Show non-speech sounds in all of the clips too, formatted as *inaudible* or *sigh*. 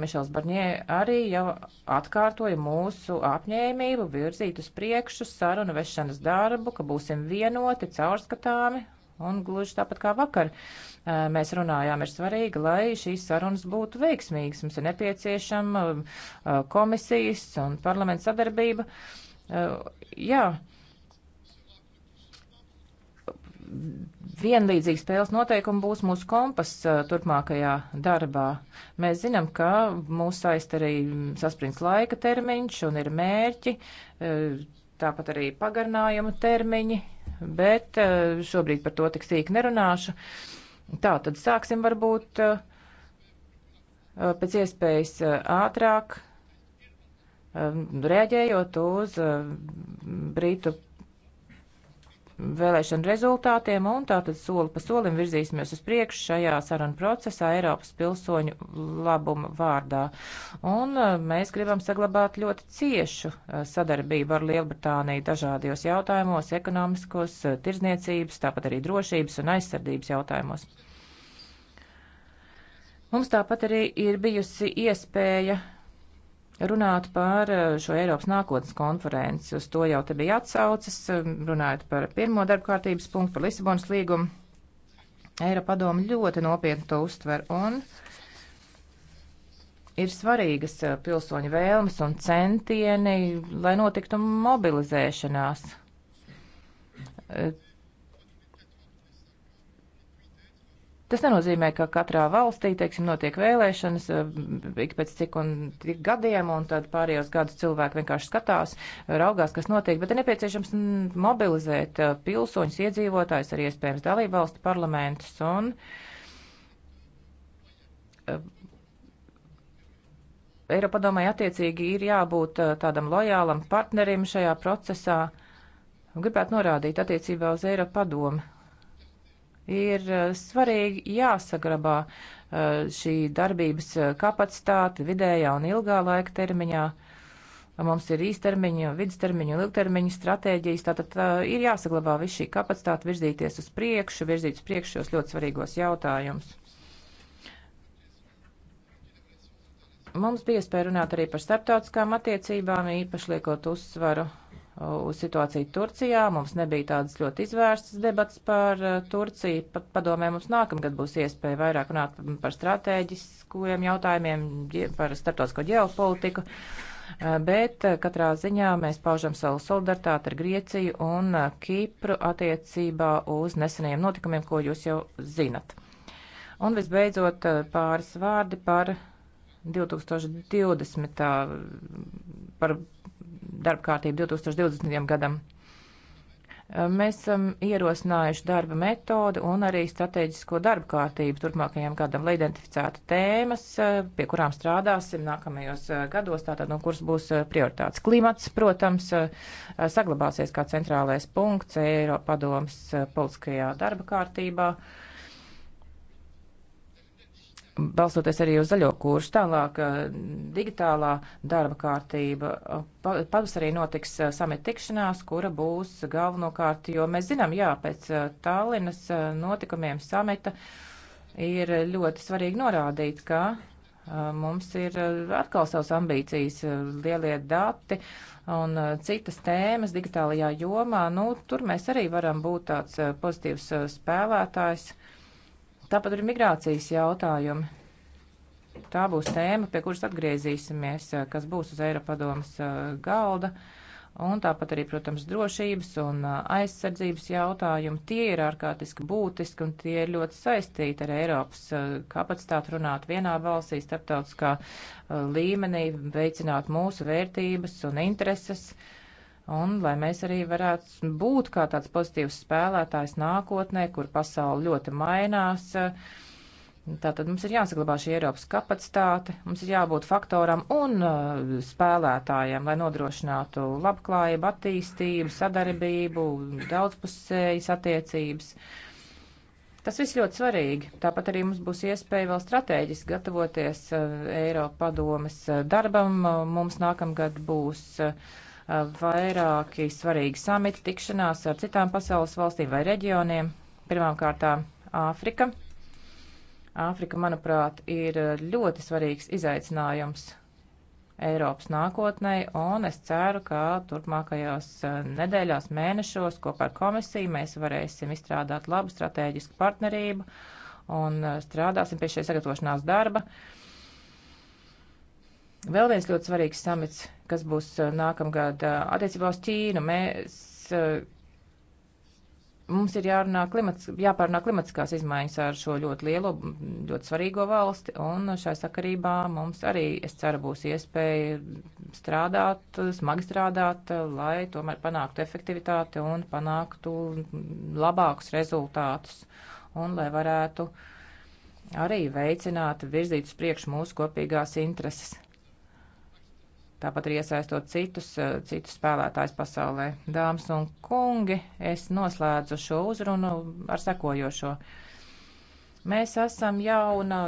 Mišels Barņē arī jau atkārtoja mūsu apņēmību virzīt uz priekšu sarunu vešanas darbu, ka būsim vienoti, caurskatāmi un gluži tāpat kā vakar. Mēs runājām, ir svarīgi, lai šīs sarunas būtu veiksmīgas. Mums ir nepieciešama komisijas un parlamenta sadarbība. Jā vienlīdzīgi spēles noteikumi būs mūsu kompas turpmākajā darbā. Mēs zinām, ka mūs saist arī sasprints laika termiņš un ir mērķi, tāpat arī pagarinājuma termiņi, bet šobrīd par to tik sīk nerunāšu. Tā, tad sāksim varbūt pēc iespējas ātrāk reaģējot uz Britu vēlēšanu rezultātiem, un tātad soli pa solim virzīsimies uz priekšu šajā sarunu procesā Eiropas pilsoņu labuma vārdā. Un uh, mēs gribam saglabāt ļoti ciešu uh, sadarbību ar Lielbritāniju dažādajos jautājumos - ekonomiskos, uh, tirzniecības, tāpat arī drošības un aizsardzības jautājumos. Mums tāpat arī ir bijusi iespēja runāt par eh, šo Eiropas nākotnes konferenci. Uz to jau te bija atsaucas, eh, runājot par pirmo darba kārtības punktu, par Lisabonas līgumu. Eiropa padomu ļoti nopietni to uztver un ir svarīgas eh, pilsoņu vēlmes un centieni, lai notiktu mobilizēšanās. Tas nenozīmē, ka katrā valstī, teiksim, notiek vēlēšanas eh, ik pēc cik un tik gadiem, un tad pārējos gadus cilvēki vienkārši skatās, raugās, kas notiek, bet ir nepieciešams mobilizēt eh, pilsoņus, iedzīvotājus, arī iespējams dalību valstu parlamentus un eh, Eiropadomai attiecīgi ir jābūt tādam lojālam partnerim šajā procesā. Gribētu norādīt attiecībā uz Eiropadomu ir eh, svarīgi jāsagrabā eh, šī darbības eh, kapacitāte vidējā un ilgā laika termiņā. Mums ir īstermiņa, vidustermiņa un ilgtermiņa stratēģijas. Tātad tā, ir jāsaglabā viss šī kapacitāte, virzīties uz priekšu, virzīt uz priekšu šos ļoti svarīgos jautājumus. Mums bija iespēja runāt arī par starptautiskām attiecībām, īpaši liekot uzsvaru uz situāciju Turcijā. Mums nebija tādas ļoti izvērstas debats par uh, Turciju. Pat padomē mums nākamgad būs iespēja vairāk runāt par strateģiskajiem jautājumiem, par starptautisko ģeopolitiku. Uh, bet uh, katrā ziņā mēs paužam savu solidaritāti ar Grieciju un Kipru attiecībā uz nesenajiem notikumiem, ko jūs jau zinat. Un visbeidzot pāris vārdi par 2020. par darba kārtību 2020. gadam. Mēs esam ierosinājuši darba metodi un arī strateģisko darba kārtību turpmākajam gadam, lai identificētu tēmas, eh, pie kurām strādāsim nākamajos eh, gados, tātad no kuras būs eh, prioritātes. Klimats, protams, saglabāsies kā centrālais punkts Eiropadomas politiskajā darba kārtībā. Uh, balstoties arī uz zaļo kursu. Tālāk eh, digitālā darba kārtība. Eh, pavasarī notiks eh, samita tikšanās, kura būs galvenokārt, jo mēs zinām, jā, pēc Tallinas notikumiem samita ir ļoti svarīgi norādīt, ka mums ir atkal savas ambīcijas, lielie dati un citas tēmas digitālajā jomā. Nu, tur mēs arī varam būt tāds pozitīvs spēlētājs. Uh, Tāpat arī migrācijas jautājumi. Tā būs tēma, pie kuras atgriezīsimies, eh, kas būs uz Eiropadomas eh, galda. Un tāpat arī, protams, drošības un eh, aizsardzības jautājumi. Tie ir ārkārtiski būtiski un tie ir ļoti saistīti ar Eiropas kapacitāti runāt vienā valstī, starptautiskā līmenī, veicināt mūsu vērtības un intereses. Uh, Un lai mēs arī varētu būt kā tāds pozitīvs spēlētājs nākotnē, kur pasauli ļoti mainās, tātad mums ir jāsaglabā šī Eiropas kapacitāte, mums ir jābūt faktoram un eh, spēlētājiem, lai nodrošinātu labklājību, attīstību, sadarbību, daudzpusējas attiecības. Tas viss ļoti svarīgi. Tāpat arī mums būs iespēja vēl strateģiski gatavoties eh, Eiropa padomes eh, darbam. Mums nākamgad būs uh, vairāki svarīgi samiti, tikšanās ar citām pasaules valstīm vai reģioniem. Pirmkārt, Āfrika. Āfrika, manuprāt, ir ļoti svarīgs izaicinājums Eiropas nākotnē, un es ceru, ka turpmākajās eh, nedēļās, mēnešos kopā ar komisiju mēs varēsim izstrādāt labu strateģisku partnerību un eh, strādāsim pie šī sagatavošanās darba. Uh, Vēl viens ļoti svarīgs samits, kas būs uh, nākamgad uh, attiecībā uz Ķīnu. Mēs, uh, mums ir jārunā klimats, jāpārunā klimatiskās izmaiņas ar šo ļoti lielo, ļoti svarīgo valsti, un šai sakarībā mums arī, es ceru, būs iespēja strādāt, smagi strādāt, lai tomēr panāktu efektivitāti un panāktu labākus rezultātus, un lai varētu arī veicināt, virzīt uz priekšu mūsu kopīgās intereses tāpat arī iesaistot citus, eh, citus spēlētājus pasaulē. Dāmas un kungi, es noslēdzu šo uzrunu ar sekojošo. Mēs esam jauna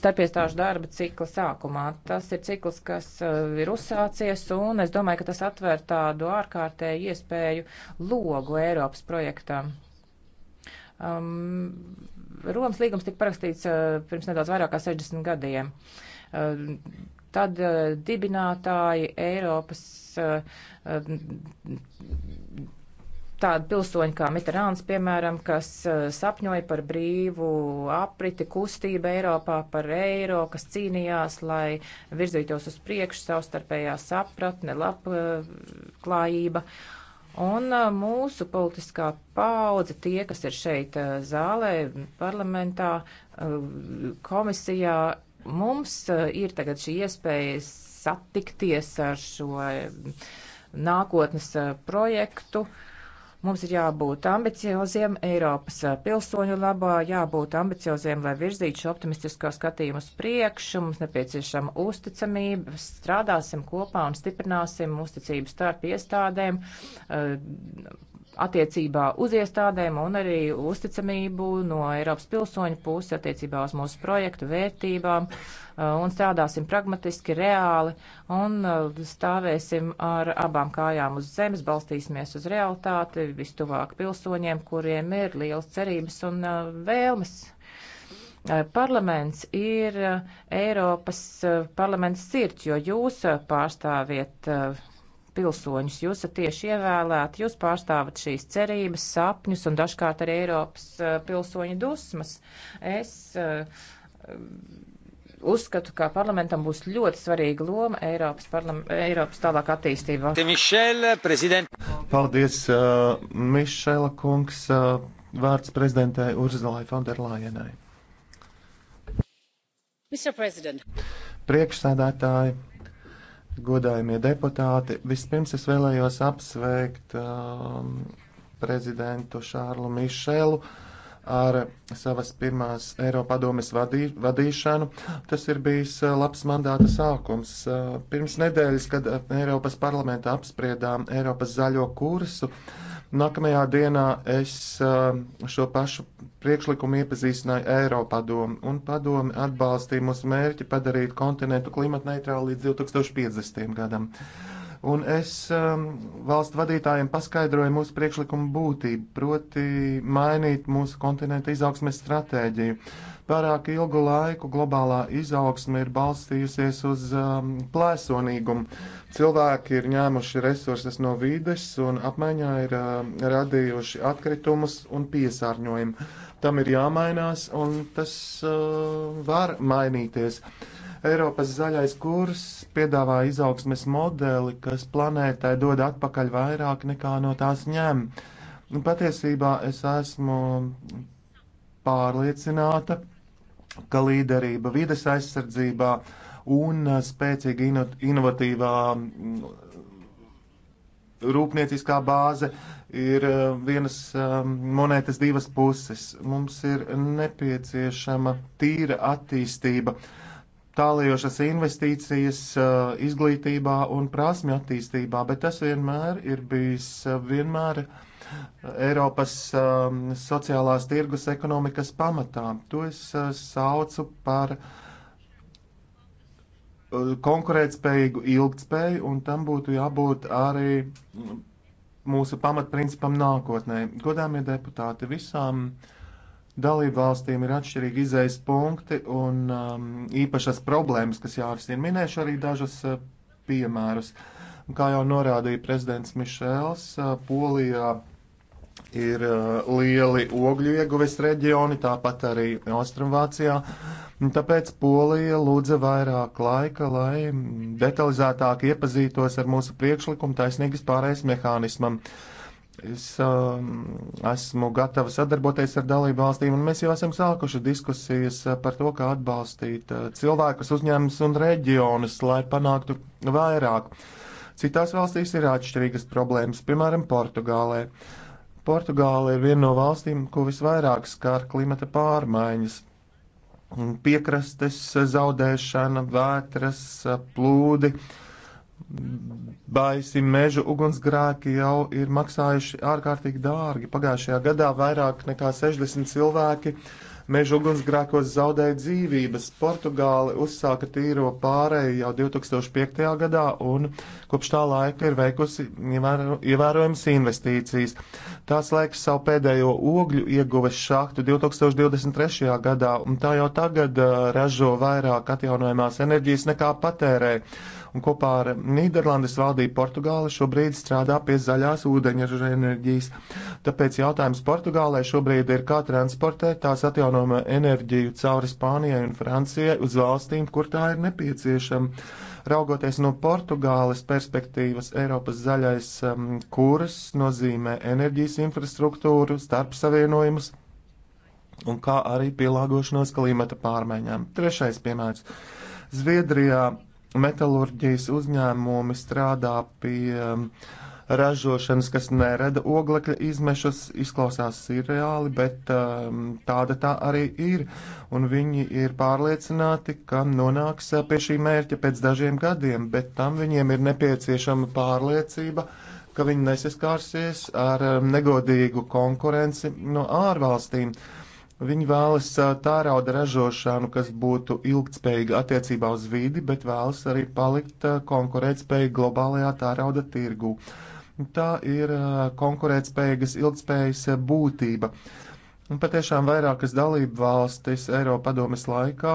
starpiestāžu darba cikla sākumā. Tas ir cikls, kas eh, ir uzsācies, un es domāju, ka tas atver tādu ārkārtēju iespēju logu Eiropas projektam. Um, Romas līgums tika parakstīts uh, pirms nedaudz vairāk kā 60 gadiem. Uh, tad eh, dibinātāji Eiropas eh, eh, tādi pilsoņi kā Mitterāns, piemēram, kas sapņoja par brīvu apriti, kustību Eiropā, par eiro, kas cīnījās, lai virzītos uz priekšu savstarpējā sapratne, labklājība. Un mūsu politiskā paudze, tie, kas ir šeit zālē, parlamentā, komisijā, Mums e, ir tagad šī iespēja satikties ar šo nākotnes e, projektu. Mums ir jābūt ambicioziem Eiropas e, pilsoņu labā, jābūt ambicioziem, lai virzītu šo optimistisko skatījumu uz priekšu. Mums nepieciešama uzticamība. Strādāsim kopā un stiprināsim uzticību starp iestādēm, attiecībā uz iestādēm un arī uzticamību no Eiropas pilsoņu puses attiecībā uz mūsu projektu vērtībām uh, un strādāsim pragmatiski, reāli un uh, stāvēsim ar abām kājām uz zemes, balstīsimies uz realitāti, vistuvāk pilsoņiem, kuriem ir liels cerības un uh, vēlmes parlaments ir Eiropas parlaments sirds, jo jūs pārstāviet pilsoņus. Jūs esat tieši ievēlēti, jūs pārstāvat šīs cerības, sapņus un dažkārt arī Eiropas pilsoņu dusmas. Es uzskatu, ka parlamentam būs ļoti svarīga loma Eiropas, parlam, Eiropas tālāk attīstībā. Paldies, uh, Mišela kungs. Uh, vārds prezidentē Urzalai Fonderlajenai. Priekšsēdētāji, godājumie deputāti, vispirms es vēlējos apsveikt um, prezidentu Šārlu Mišelu ar savas pirmās Eiropadomes vadī, vadīšanu. Tas ir bijis uh, labs mandāta sākums. Uh, pirms nedēļas, kad uh, Eiropas parlamentā apspriedām Eiropas zaļo kursu, uh, Nākamajā dienā es um, šo pašu priekšlikumu iepazīstināju Eiropadomu, un padomi atbalstīja mūsu mērķi padarīt kontinentu klimatneitrālu līdz 2050. gadam. Un es um, valstu vadītājiem paskaidroju mūsu priekšlikumu būtību, proti mainīt mūsu kontinentu izaugsmes stratēģiju. Uh, Pārāk ilgu laiku globālā izaugsme ir balstījusies uz um, plēsonīgumu. Cilvēki ir ņēmuši resursus no vides un apmaiņā ir um, radījuši atkritumus un piesārņojumu. Tam ir jāmainās un tas uh, var mainīties. Eiropas zaļais kurs piedāvā izaugsmes modeli, kas planētai dod atpakaļ vairāk nekā no tās ņem. Patiesībā es esmu pārliecināta, ka līderība vides aizsardzībā un eh, spēcīga ino inovatīvā mm, rūpnieciskā bāze ir eh, vienas eh, monētas divas puses. Mums ir nepieciešama tīra attīstība tālajošas investīcijas uh, izglītībā un prasmi attīstībā, bet tas vienmēr ir bijis uh, vienmēr uh, Eiropas um, sociālās tirgus ekonomikas pamatā. To es saucu par konkurētspējīgu ilgtspēju, un tam būtu jābūt arī mm, mūsu pamatprincipam nākotnē. Godāmie deputāti, visām uh, Dalību valstīm ir atšķirīgi izējas punkti un um, īpašas problēmas, kas jārisina. Minēšu arī dažas uh, piemērus. Kā jau norādīja prezidents Mišēls, uh, Polijā ir uh, lieli ogļu ieguves reģioni, tāpat arī Austrumvācijā. Tāpēc Polija lūdza vairāk laika, lai detalizētāk iepazītos ar mūsu priekšlikumu taisnīgas pārējais mehānismam. Uh, Es um, esmu gatava sadarboties ar dalību valstīm, un mēs jau esam sākuši diskusijas par to, kā atbalstīt uh, cilvēkus, uzņēmumus un reģionus, lai panāktu vairāk. Citās valstīs ir atšķirīgas problēmas, piemēram, Portugālē. Portugāla ir viena no valstīm, ko visvairāk skār klimata pārmaiņas. Piekrastes zaudēšana, vētras, plūdi. Uh, baisi mežu ugunsgrēki jau ir maksājuši ārkārtīgi dārgi. Pagājušajā gadā vairāk nekā 60 cilvēki mežu ugunsgrēkos zaudēja dzīvības. Portugāli uzsāka tīro pārēju jau 2005. gadā un kopš tā laika ir veikusi ievēro, ievērojams investīcijas. Tās laiks savu pēdējo ogļu ieguves šahtu 2023. gadā, un tā jau tagad uh, ražo vairāk atjaunojamās enerģijas nekā patērē. Un kopā ar Nīderlandes valdību Portugāli šobrīd strādā pie zaļās ūdeņraža enerģijas. Tāpēc jautājums Portugālē šobrīd ir, kā transportēt tās atjaunojamo enerģiju cauri Spānijai un Francijai uz valstīm, kur tā ir nepieciešama Raugoties no Portugāles perspektīvas, Eiropas zaļais um, kurs nozīmē enerģijas infrastruktūru, starpsavienojumus un kā arī pielāgošanos klimata pārmaiņām. Trešais piemērs. Zviedrijā metalurģijas uzņēmumi strādā pie um, ražošanas, kas nerada oglekļa izmešas, izklausās sirreāli, bet um, tāda tā arī ir. Un viņi ir pārliecināti, ka nonāks uh, pie šī mērķa pēc dažiem gadiem, bet tam viņiem ir nepieciešama pārliecība, ka viņi nesaskārsies ar um, negodīgu konkurenci no ārvalstīm. Viņi vēlas uh, tārauda ražošanu, kas būtu ilgtspējīga attiecībā uz vidi, bet vēlas arī palikt uh, konkurētspēja globālajā tārauda tirgū. Tā ir konkurētspējīgas ilgspējas būtība. Un patiešām vairākas dalību valstis Eiropadomes laikā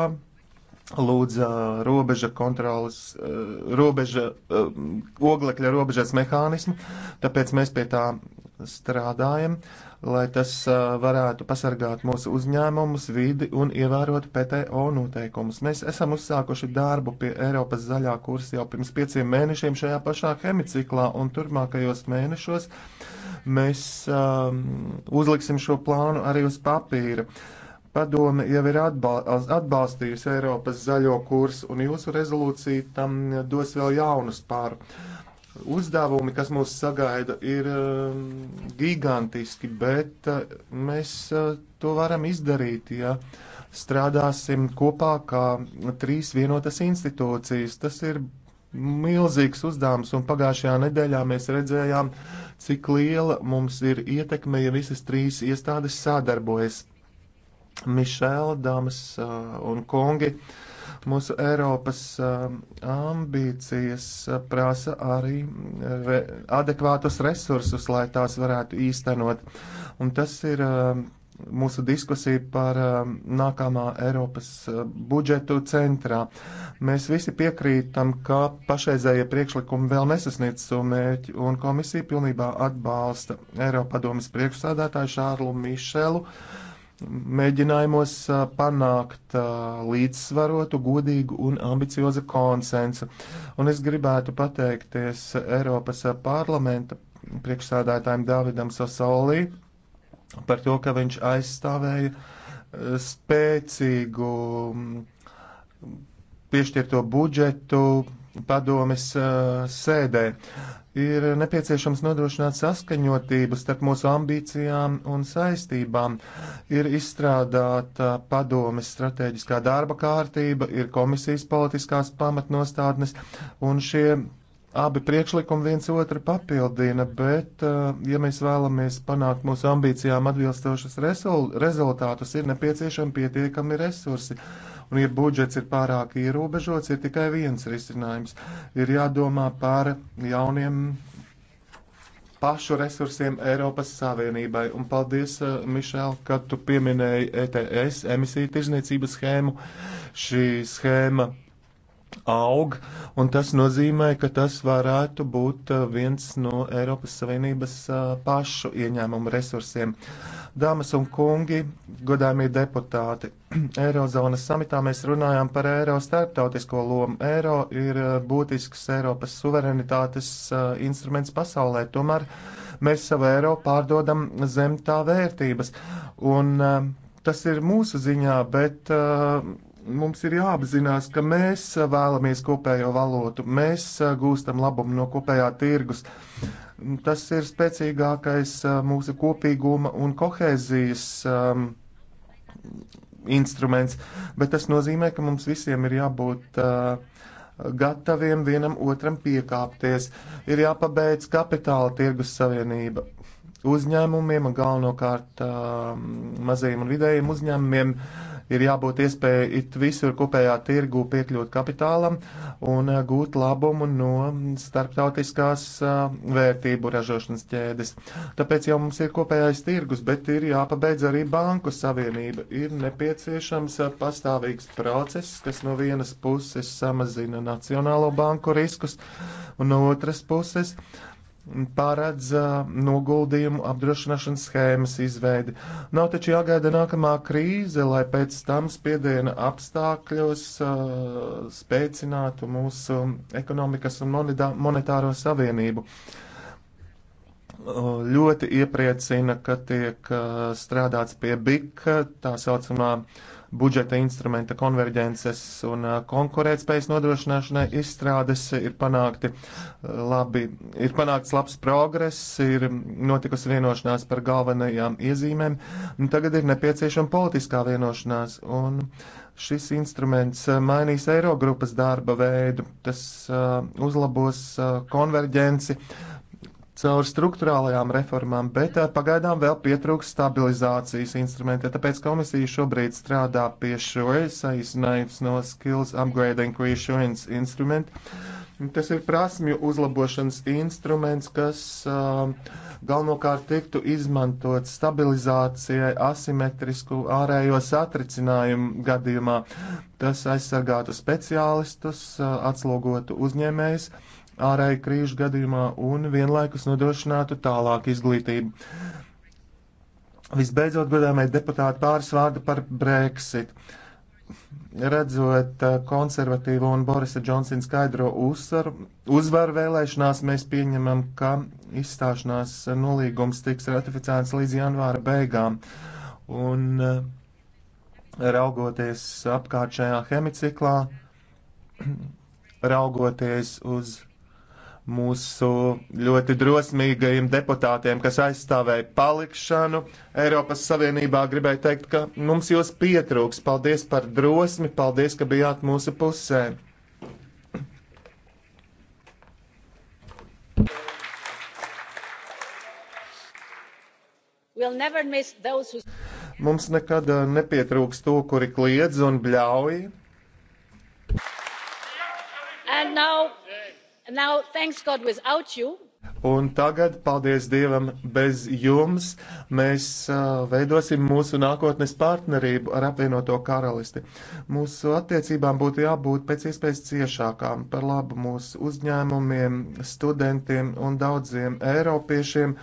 lūdza robeža kontrolas, robeža, oglekļa robežas mehānismu, tāpēc mēs pie tā strādājam. Uh, lai tas varētu pasargāt mūsu uzņēmumus, vidi un ievērot PTO noteikumus. Mēs esam uzsākuši darbu pie Eiropas zaļā kursa jau pirms pieciem mēnešiem šajā pašā hemiciklā, un turpmākajos mēnešos mēs um, uzliksim šo plānu arī uz papīra. Padome jau ir atbalstījusi Eiropas zaļo kursu, un jūsu rezolūcija tam dos vēl jaunu spāru. Uh, uzdevumi, kas mūs sagaida, ir um, gigantiski, bet uh, mēs uh, to varam izdarīt, ja strādāsim kopā kā trīs vienotas institūcijas. Tas ir milzīgs uzdevums, un pagājušajā nedēļā mēs redzējām, cik liela mums ir ietekme, ja visas trīs iestādes sadarbojas. Mišela, dāmas uh, un kungi. Uh, Mūsu Eiropas um, ambīcijas uh, prasa arī uh, adekvātus resursus, lai tās varētu īstenot. Un tas ir um, mūsu diskusija par um, nākamā Eiropas uh, budžetu centrā. Mēs visi piekrītam, ka pašreizējie priekšlikumi vēl nesasniedz savu mērķi, un komisija pilnībā atbalsta Eiropadomas priekšsādātāju Šārlu Mišelu mēģinājumos panākt līdzsvarotu, godīgu un ambiciozu konsensu. Un es gribētu pateikties Eiropas parlamenta priekšsādātājiem Davidam Sasolī par to, ka viņš aizstāvēja spēcīgu piešķirto budžetu padomes sēdē ir nepieciešams nodrošināt saskaņotību starp mūsu ambīcijām un saistībām. Ir izstrādāta padomes strateģiskā darba kārtība, ir komisijas politiskās pamatnostādnes, un šie abi priekšlikumi viens otru papildina, bet, eh, ja mēs vēlamies panākt mūsu ambīcijām atbilstošas rezultātus, ir nepieciešami pietiekami resursi Un, ja budžets ir pārāk ierobežots, ir tikai viens risinājums. Ir jādomā par jauniem pašu resursiem Eiropas Savienībai. Un paldies, eh, Mišēl, ka tu pieminēji ETS emisiju tirzniecības schēmu. Šī schēma aug, un tas nozīmē, ka tas varētu būt uh, viens no Eiropas Savienības uh, pašu ieņēmumu resursiem. Dāmas un kungi, godājumie deputāti, *clears throat* Eirozonas samitā mēs runājām par eiro starptautisko lomu. Eiro ir uh, būtisks Eiropas suverenitātes instruments pasaulē, tomēr mēs savu eiro pārdodam zem tā vērtības. Un, Tas ir mūsu ziņā, bet uh, Mums ir jāapzinās, ka mēs eh, vēlamies kopējo valūtu, mēs eh, gūstam labumu no kopējā tirgus. Tas ir spēcīgākais eh, mūsu kopīguma un kohēzijas um, instruments, bet tas nozīmē, ka mums visiem ir jābūt uh, gataviem vienam otram piekāpties. Ir jāpabeidz kapitāla tirgus savienība. Uzņēmumiem, galvenokārt uh, mazajiem un vidējiem uzņēmumiem, uh, ir jābūt iespēja it visur kopējā tirgu piekļūt kapitālam un eh, gūt labumu no starptautiskās eh, vērtību ražošanas ķēdes. Tāpēc jau mums ir kopējais tirgus, bet ir jāpabeidz arī banku savienība. Ir nepieciešams eh, pastāvīgs process, kas no vienas puses samazina nacionālo banku riskus, un no otras puses paredz noguldījumu apdrošināšanas schēmas izveidi. Nav taču jāgaida nākamā krīze, lai pēc tam spiediena apstākļos uh, spēcinātu mūsu ekonomikas un monetāro savienību. Uh, ļoti iepriecina, ka tiek uh, strādāts pie BIK, tā saucamā uh, budžeta instrumenta konverģences un uh, konkurētspējas nodrošināšanai izstrādes ir panākti uh, labi, ir panākts labs progress, ir notikusi vienošanās par galvenajām iezīmēm, un nu, tagad ir nepieciešama politiskā vienošanās, un šis instruments uh, mainīs Eirogrupas darba veidu, tas uh, uzlabos uh, konverģenci, caur struktūrālajām reformām, bet eh, pagaidām vēl pietrūks stabilizācijas instrumenti. Tāpēc komisija šobrīd strādā pie šo saīsinājums no Skills Upgrading Reassurance instrumentu. Tas ir prasmju uzlabošanas instruments, kas um, galvenokārt tiktu izmantots stabilizācijai asimetrisku ārējo satricinājumu gadījumā. Tas aizsargātu speciālistus, uh, atslogotu uzņēmējus ārēju krīžu gadījumā un vienlaikus nodrošinātu tālāk izglītību. Visbeidzot, godāmie deputāti, pāris vārdu par Brexit. Redzot eh, konservatīvo un Borisa Džonsina skaidro uzsvaru, uzvaru vēlēšanās, mēs pieņemam, ka izstāšanās nolīgums tiks ratificēts līdz janvāra beigām. Un eh, raugoties apkārt šajā hemiciklā, *clears throat* raugoties uz mūsu ļoti drosmīgajiem deputātiem, kas aizstāvēja palikšanu Eiropas Savienībā, gribēju teikt, ka mums jūs pietrūks. Paldies par drosmi, paldies, ka bijāt mūsu pusē. We'll who... Mums nekad uh, nepietrūks to, kuri kliedz un bļauj. And now Now, God, Un tagad, paldies Dievam, bez jums mēs uh, veidosim mūsu nākotnes partnerību ar apvienoto karalisti. Mūsu attiecībām būtu jābūt pēc iespējas ciešākām par labu mūsu uzņēmumiem, studentiem un daudziem eiropiešiem,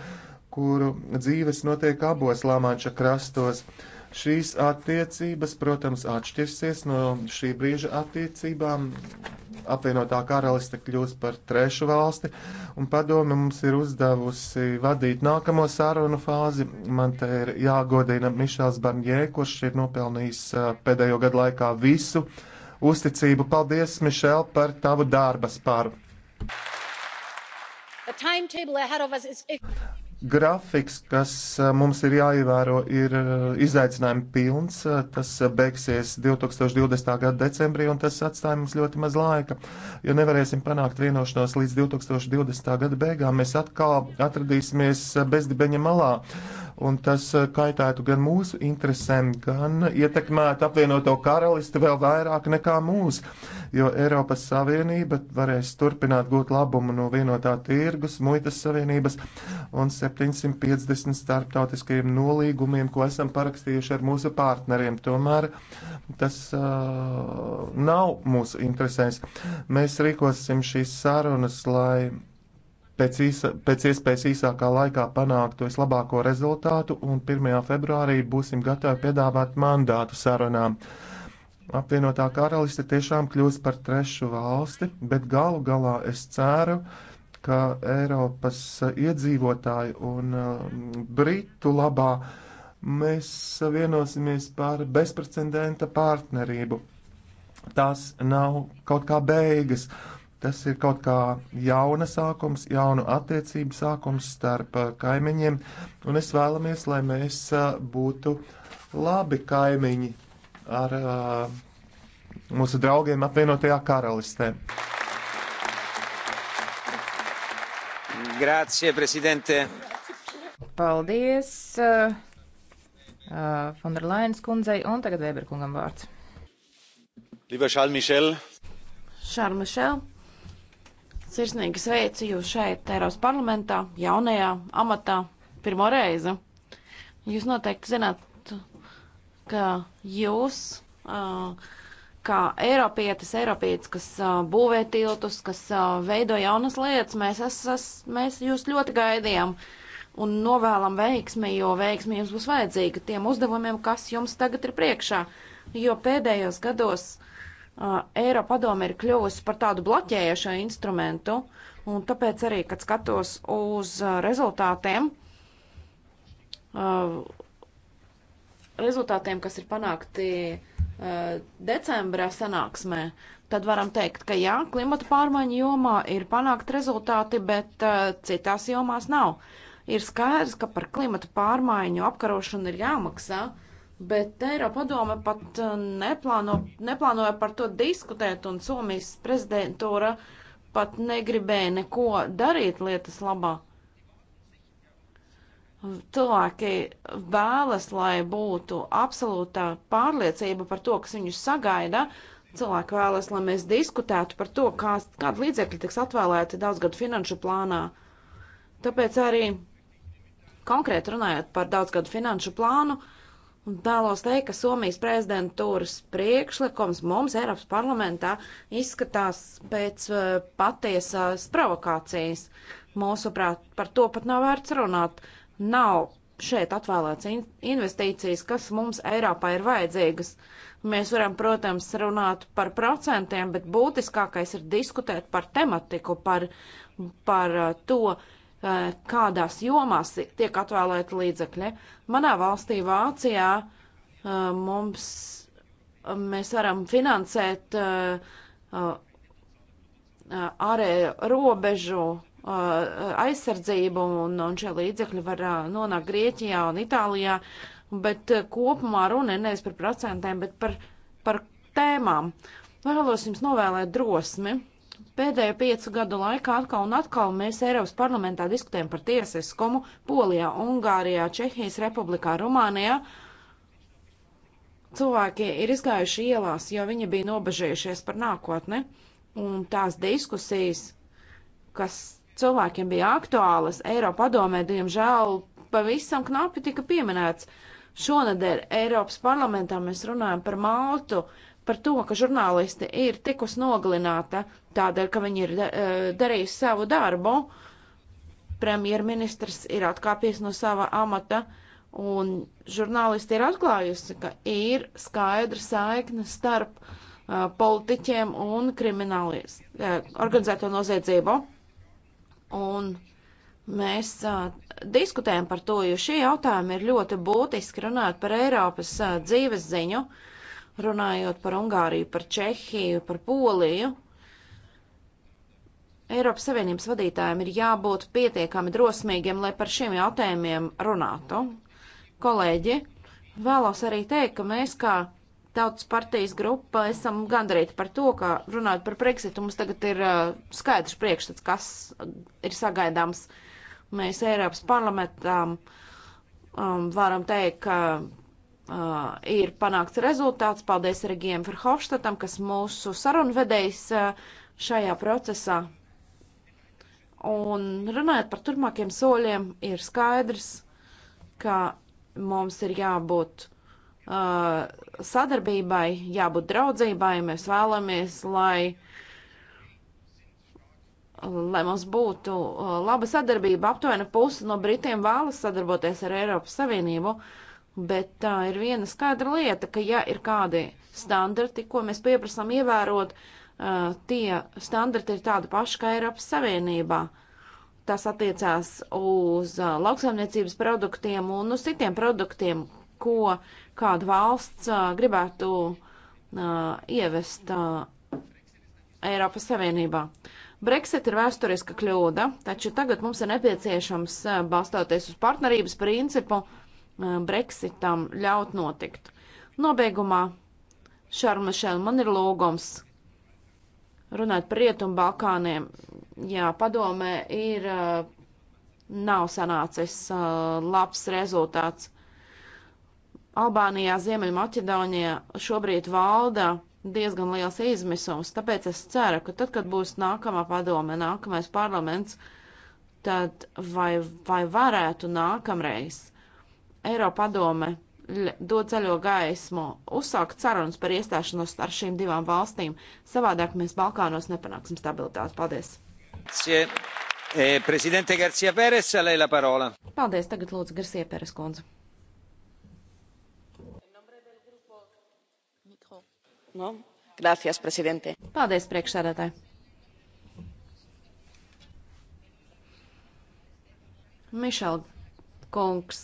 kuru dzīves notiek abos Lamanča krastos. Uh, Šīs attiecības, protams, atšķirsies no šī brīža attiecībām. Apvienotā karaliste kļūs par trešu valsti, un padome mums ir uzdevusi vadīt nākamo sarunu fāzi. Man te ir jāgodina Mišels Barnjē, kurš ir nopelnījis pēdējo gadu laikā visu uzticību. Paldies, Mišel, par tavu darba spāru! Grafiks, kas mums ir jāievēro, ir izaicinājumi pilns. Tas beigsies 2020. gada decembrī, un tas atstāja mums ļoti maz laika. Ja nevarēsim panākt vienošanos līdz 2020. gada beigām, mēs atkal atradīsimies bezdibeņa malā un tas eh, kaitētu gan mūsu interesēm, gan ietekmētu apvienoto karalisti vēl vairāk nekā mūs, jo Eiropas Savienība varēs turpināt gūt labumu no vienotā tirgus, muitas savienības un 750 starptautiskajiem nolīgumiem, ko esam parakstījuši ar mūsu partneriem. Tomēr tas uh, nav mūsu interesēs. Mēs rīkosim šīs sarunas, lai pēc, īsa, pēc iespējas īsākā laikā panākt vislabāko rezultātu, un 1. februārī būsim gatavi piedāvāt mandātu sarunām. Apvienotā karaliste tiešām kļūs par trešu valsti, bet galu galā es ceru, ka Eiropas iedzīvotāju un um, Britu labā mēs vienosimies par bezprecedenta partnerību. Tās nav kaut kā beigas, Tas ir kaut kā jauna sākums, jaunu attiecību sākums starp uh, kaimiņiem, un es vēlamies, lai mēs uh, būtu labi kaimiņi ar uh, mūsu draugiem apvienotajā karalistē. Grācie, prezidente! Paldies, uh, uh, Fonderlainas kundzei, un tagad Vēberkungam vārds. Lieber Charles Michel. Charles Michel. Sirsnīgi sveicu jūs šeit, Eiropas parlamentā, jaunajā amatā, pirmo reizi. Jūs noteikti zināt, ka jūs, kā Eiropietis, Eiropietis, kas būvē tiltus, kas veido jaunas lietas, mēs, es, es, mēs jūs ļoti gaidījām un novēlam veiksmi, jo veiksmi jums būs vajadzīga tiem uzdevumiem, kas jums tagad ir priekšā. Jo pēdējos gados Eiropa padome ir kļuvusi par tādu bloķējušo instrumentu, un tāpēc arī, kad skatos uz rezultātiem, rezultātiem, kas ir panākti decembra sanāksmē, tad varam teikt, ka jā, klimata pārmaiņu jomā ir panākt rezultāti, bet uh, citās jomās nav. Ir skaidrs, ka par klimata pārmaiņu apkarošanu ir jāmaksā. Uh, Bet Eiropadome pat uh, neplāno, neplānoja par to diskutēt, un Somijas prezidentūra pat negribēja neko darīt lietas labā. Cilvēki vēlas, lai būtu absolūtā pārliecība par to, kas viņus sagaida. Cilvēki vēlas, lai mēs diskutētu par to, kā, kāda līdzekļa tiks atvēlēti daudzgadu finanšu plānā. Tāpēc arī konkrēti runājot par daudzgadu finanšu plānu, uh, Un vēlos teikt, ka Somijas prezidentūras priekšlikums mums Eiropas parlamentā izskatās pēc uh, patiesās provokācijas. Mūsuprāt, par to pat nav vērts runāt. Nav šeit atvēlēts in investīcijas, kas mums Eiropā ir vajadzīgas. Mēs varam, protams, runāt par procentiem, bet būtiskākais ir diskutēt par tematiku, par, par eh, to, Eh, kādās jomās tiek atvēlēti līdzekļi. Manā valstī, Vācijā, eh, mums, mēs varam finansēt eh, ārēju robežu aizsardzību, un, un šie līdzekļi var nonākt Grieķijā un Itālijā, bet kopumā runa ir nevis par procentiem, bet par, par tēmām. Vēlos jums novēlēt drosmi. Pēdējo piecu gadu laikā atkal un atkal mēs Eiropas parlamentā diskutējam par tiesiskumu Polijā, Ungārijā, Čehijas republikā, Rumānijā. Cilvēki ir izgājuši ielās, jo viņi bija nobežējušies par nākotni. Un tās diskusijas, kas cilvēkiem bija aktuālas, Eiropa padomē, diemžēl, pavisam knapi tika pieminēts. Šonadēļ Eiropas parlamentā mēs runājam par Maltu. Uh, par to, ka žurnāliste ir tikus nogalināta tādēļ, ka viņi ir eh, darījusi savu darbu. Premjerministrs ir atkāpies no sava amata, un žurnālisti ir atklājusi, ka ir skaidra saikne starp uh, politiķiem un kriminālijas uh, eh, organizēto noziedzību. Un mēs uh, diskutējam par to, jo šie jautājumi ir ļoti būtiski runāt par Eiropas dzīves ziņu. Uh, runājot par Ungāriju, par Čehiju, par Poliju. Eiropas Savienības vadītājiem ir jābūt pietiekami drosmīgiem, lai par šiem jautājumiem runātu. Kolēģi, vēlos arī teikt, ka mēs kā Tautas partijas grupa esam gandrīti par to, ka runājot par Brexitu, mums tagad ir uh, skaidrs priekšstats, kas ir sagaidāms. Mēs Eiropas parlamentām um, varam teikt, ka Uh, ir panākts rezultāts. Paldies arī Giem Verhofstadtam, kas mūsu sarunvedējs uh, šajā procesā. Un runājot par turpmākiem soļiem, ir skaidrs, ka mums ir jābūt uh, sadarbībai, jābūt draudzībai. Mēs vēlamies, lai, lai mums būtu uh, laba sadarbība. Aptuveni pusi no Britiem vēlas sadarboties ar Eiropas Savienību. Uh, Bet tā ir viena skaidra lieta, ka ja ir kādi standarti, ko mēs pieprasām ievērot, tie standarti ir tādi paši kā Eiropas Savienībā. Tas attiecās uz lauksaimniecības produktiem un uz citiem produktiem, ko kāda valsts gribētu ievest Eiropas Savienībā. Brexit ir vēsturiska kļūda, taču tagad mums ir nepieciešams, balstoties uz partnerības principu, Eh, Brexitam ļaut notikt. Nobeigumā, Šarmašēl, man ir lūgums runāt par Rietumu Balkāniem. Jā, padomē ir, eh, nav sanācis eh, labs rezultāts. Albānijā, Ziemeļmaķedonijā šobrīd valda diezgan liels izmisums, tāpēc es ceru, ka tad, kad būs nākamā padome, nākamais parlaments, tad vai, vai varētu nākamreiz Eiropadome dod zaļo gaismu uzsākt sarunas par iestāšanos ar šīm divām valstīm. Savādāk mēs Balkānos nepanāksim stabilitāti. Paldies! Eh, Pēres, Paldies, tagad lūdzu Garsie Pēres kundze. No? Gracias, presidente. Paldies, priekšsēdētāji. Mišel kungs,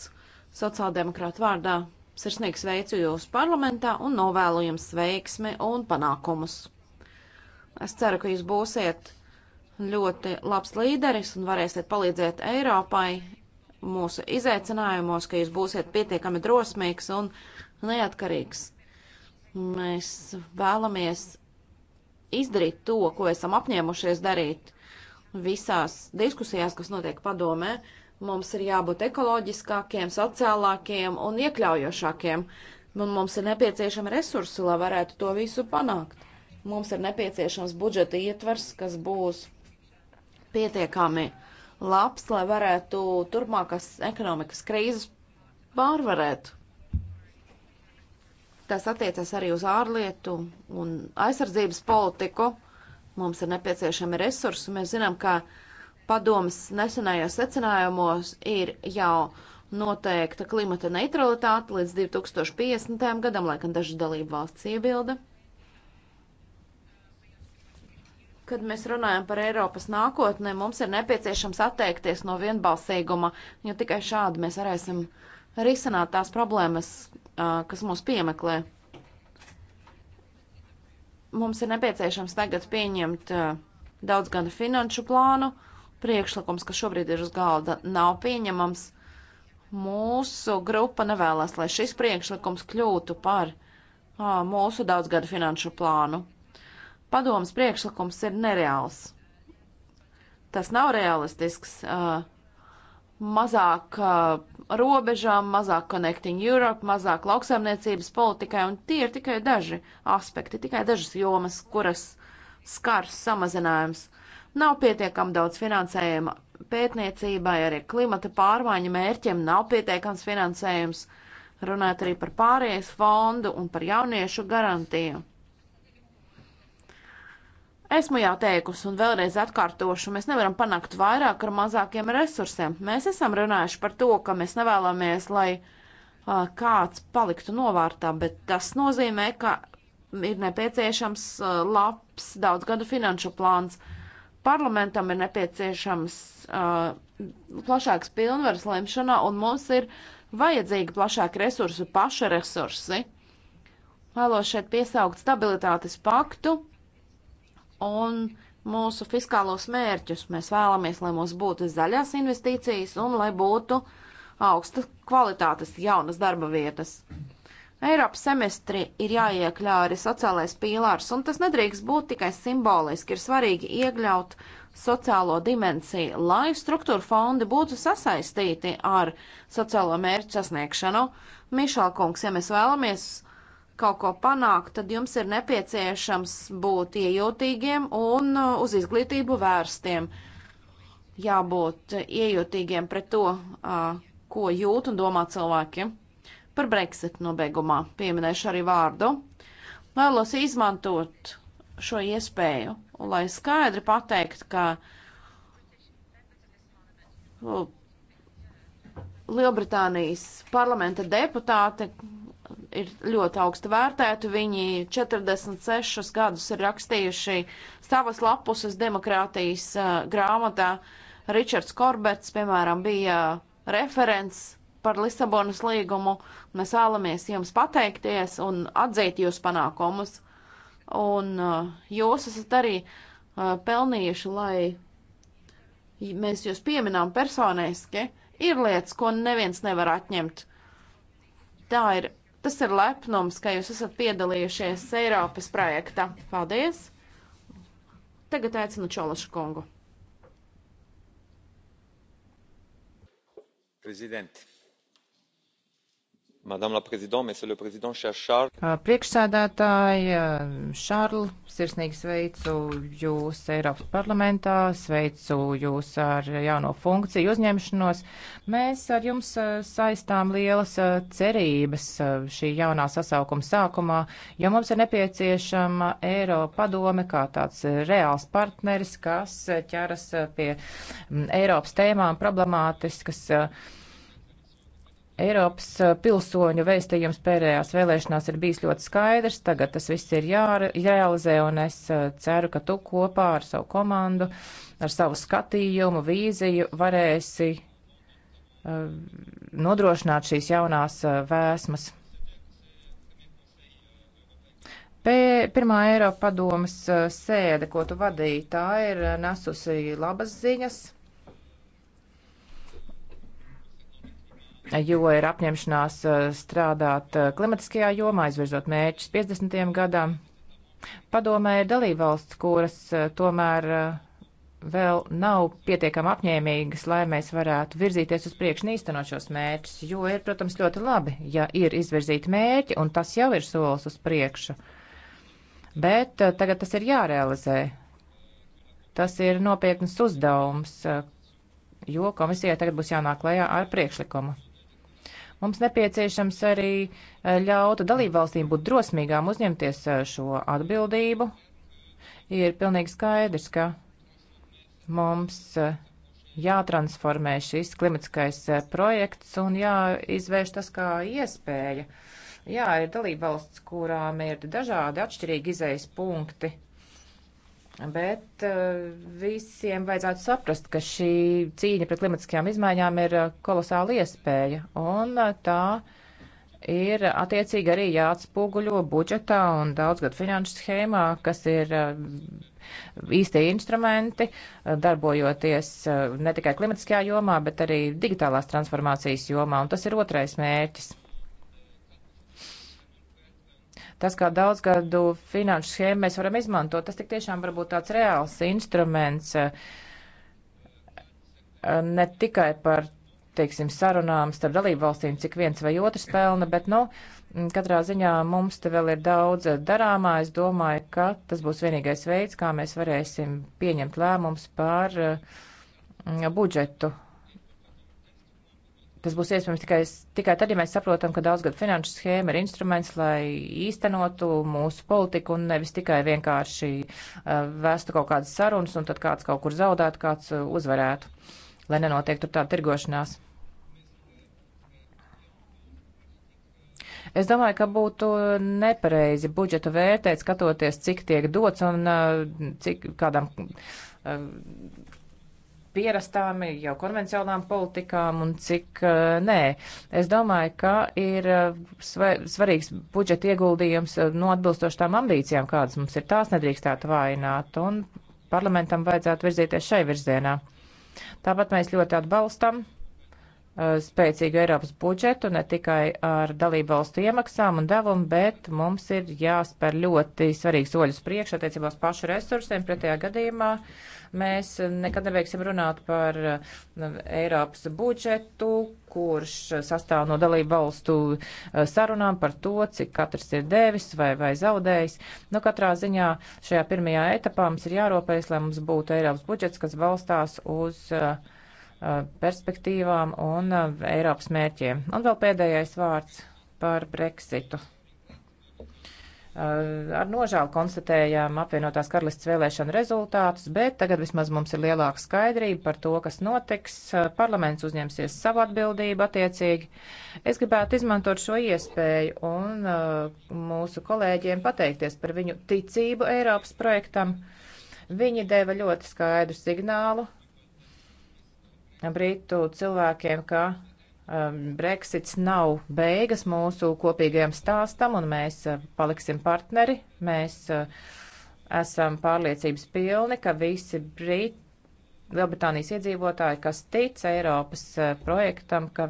sociāldemokrātu vārdā sirsnīgi sveicu jūs parlamentā un novēlu jums veiksmi un panākumus. Es ceru, ka jūs būsiet ļoti labs līderis un varēsiet palīdzēt Eiropai mūsu izaicinājumos, ka jūs būsiet pietiekami drosmīgs un neatkarīgs. Mēs vēlamies izdarīt to, ko esam apņēmušies darīt visās diskusijās, kas notiek padomē. Mums ir jābūt ekoloģiskākiem, sociālākiem un iekļaujošākiem, un mums ir nepieciešami resursi, lai varētu to visu panākt. Mums ir nepieciešams budžeta ietvers, kas būs pietiekami labs, lai varētu turpmākās ekonomikas krīzes pārvarēt. Tas attiecas arī uz ārlietu un aizsardzības politiku. Mums ir nepieciešami resursi. Mēs zinām, ka uh, padomas nesenajos secinājumos ir jau noteikta klimata neutralitāte līdz 2050. gadam, lai gan daži dalību valsts iebilda. Kad mēs runājam par Eiropas nākotni, mums ir nepieciešams atteikties no vienbalsīguma, jo tikai šādi mēs varēsim risināt tās problēmas, kas mūs piemeklē. Mums ir nepieciešams tagad pieņemt daudzgada finanšu plānu, uh, priekšlikums, kas šobrīd ir uz galda, nav pieņemams. Mūsu grupa nevēlas, lai šis priekšlikums kļūtu par ā, mūsu daudzgadu finanšu plānu. Padomas priekšlikums ir nereāls. Tas nav realistisks. Uh, mazāk uh, robežām, mazāk Connecting Europe, mazāk lauksaimniecības politikai, un tie ir tikai daži aspekti, tikai dažas jomas, kuras skars samazinājums. Uh, Nav pietiekami daudz finansējuma pētniecībai, arī klimata pārmaiņu mērķiem nav pietiekams finansējums. Runājot arī par pārējais fondu un par jauniešu garantiju. Esmu jau teikusi un vēlreiz atkārtošu, mēs nevaram panākt vairāk ar mazākiem resursiem. Mēs esam runājuši par to, ka mēs nevēlamies, lai uh, kāds paliktu novārtā, bet tas nozīmē, ka ir nepieciešams uh, labs daudzgadu finanšu plāns. Uh, Parlamentam ir nepieciešams uh, plašāks pilnvaras lemšanā, un mums ir vajadzīgi plašāki resursi, paša resursi. Vēlos šeit piesaukt stabilitātes paktu un mūsu fiskālos mērķus. Mēs vēlamies, lai mums būtu zaļās investīcijas un lai būtu augsta kvalitātes jaunas darba vietas. Eiropas semestri ir jāiekļā arī sociālais pīlārs, un tas nedrīkst būt tikai simboliski. Ir svarīgi iekļaut sociālo dimensiju, lai struktūra fondi būtu sasaistīti ar sociālo mērķu sasniegšanu. Mišalkungs, ja mēs vēlamies kaut ko panākt, tad jums ir nepieciešams būt iejūtīgiem un uh, uz izglītību vērstiem. Jābūt iejūtīgiem pret to, uh, ko jūt un domā cilvēkiem. Par Brexit nobeigumā pieminēšu arī vārdu. Vēlos izmantot šo iespēju, un, lai skaidri pateikt, ka Lielbritānijas parlamenta deputāti ir ļoti augstu vērtēti. Viņi 46 gadus ir rakstījuši savas lapuses demokrātijas uh, grāmatā. Ričards Korbets, piemēram, bija referents par Lisabonas līgumu. Mēs vēlamies jums pateikties un atzīt jūsu panākumus. Un uh, jūs esat arī uh, pelnījuši, lai mēs jūs pieminām personiski. Ir lietas, ko neviens nevar atņemt. Tā ir Tas ir lepnums, ka jūs esat piedalījušies Eiropas projektā. Paldies! Tagad aicinu Čološu kungu. Prezidenti. Priekšsēdētāji, Šārl, sirsnīgi sveicu jūs Eiropas parlamentā, sveicu jūs ar jauno funkciju uzņemšanos. Mēs ar jums saistām lielas cerības šī jaunā sasaukuma sākumā, jo mums ir nepieciešama Eiropa padome kā tāds reāls partneris, kas ķeras pie Eiropas tēmām problemātiskas. kas Eiropas uh, pilsoņu veistajums pēdējās vēlēšanās ir bijis ļoti skaidrs, tagad tas viss ir jārealizē, un es uh, ceru, ka tu kopā ar savu komandu, ar savu skatījumu, vīziju varēsi uh, nodrošināt šīs jaunās vēsmas. Pirmā Eiropa padomas sēde, ko tu vadīji, tā ir nesusi labas ziņas. jo ir apņemšanās uh, strādāt uh, klimatiskajā jomā, izvirzot mērķus 50. gadam. Padomē ir dalībvalsts, kuras uh, tomēr vēl nav pietiekami apņēmīgas, lai mēs varētu virzīties uz priekšu un īstenot šos mērķus, jo ir, protams, ļoti labi, ja ir izvirzīti mērķi, un tas jau ir solis uz priekšu. Bet tagad tas ir jārealizē. Tas ir nopietnas uzdevums, jo komisijai tagad būs jānāk lejā ar priekšlikumu. Mums nepieciešams arī eh, ļaut dalībvalstīm būt drosmīgām uzņemties eh, šo atbildību. Ir pilnīgi skaidrs, ka mums eh, jātransformē šis klimatiskais projekts un jāizvērš tas kā iespēja. Jā, ir dalībvalsts, kurām ir dažādi atšķirīgi izējas punkti Bet eh, visiem vajadzētu saprast, ka šī cīņa pret klimatiskajām izmaiņām ir eh, kolosāla iespēja, un eh, tā ir attiecīgi arī jāatspoguļo budžetā un daudzgad finanšu schēmā, kas ir īstie instrumenti, darbojoties ne tikai klimatiskajā jomā, bet arī digitālās transformācijas jomā, un tas ir otrais mērķis tas, kā daudzgadu finanšu schēmu mēs varam izmantot, tas tik tiešām var būt tāds reāls instruments eh, ne tikai par teiksim, sarunām starp dalību valstīm, cik viens vai otrs pelna, bet, nu, katrā ziņā mums te vēl ir daudz darāmā. Es domāju, ka tas būs vienīgais veids, kā mēs varēsim pieņemt lēmums par eh, budžetu Tas būs iespējams tikai, tikai tad, ja mēs saprotam, ka daudzgad finanšu schēma ir instruments, lai īstenotu mūsu politiku un nevis tikai vienkārši uh, vēstu kaut kādas sarunas un tad kāds kaut kur zaudētu, kāds uh, uzvarētu, lai nenotiek tur tāda tirgošanās. Es domāju, ka būtu nepareizi budžetu vērtēt, skatoties, cik tiek dots un uh, cik kādam pierastām, jau konvencionālām politikām un cik eh, nē. Es domāju, ka ir eh, svarīgs budžeta ieguldījums eh, no atbilstoši tām ambīcijām, kādas mums ir. Tās nedrīkstētu vājināt un parlamentam vajadzētu virzīties šai virzienā. Tāpat mēs ļoti atbalstam Eh, spēcīgu Eiropas budžetu, ne tikai ar dalību valstu iemaksām un devumu, bet mums ir jāspēr ļoti svarīgs soļus priekš attiecībā uz pašu resursiem. Pretējā gadījumā mēs nekad neveiksim runāt par eh, Eiropas budžetu, kurš sastāv no dalību valstu eh, sarunām par to, cik katrs ir devis vai, vai zaudējis. Nu, katrā ziņā šajā pirmajā etapā mums ir jārūpējas, lai mums būtu Eiropas budžets, kas balstās uz uh, Uh, perspektīvām un uh, Eiropas mērķiem. Un vēl pēdējais vārds par Brexitu. Uh, ar nožēlu konstatējām apvienotās karalists vēlēšanu rezultātus, bet tagad vismaz mums ir lielāka skaidrība par to, kas notiks. Parlaments uzņemsies savu atbildību attiecīgi. Es gribētu izmantot šo iespēju un mūsu kolēģiem pateikties par viņu ticību Eiropas projektam. Viņi deva ļoti skaidru signālu Britu cilvēkiem, ka um, Brexits nav beigas mūsu kopīgajam stāstam, un mēs uh, paliksim partneri. Mēs uh, esam pārliecības pilni, ka visi Briti, Lielbritānijas iedzīvotāji, kas tic Eiropas uh, projektam, ka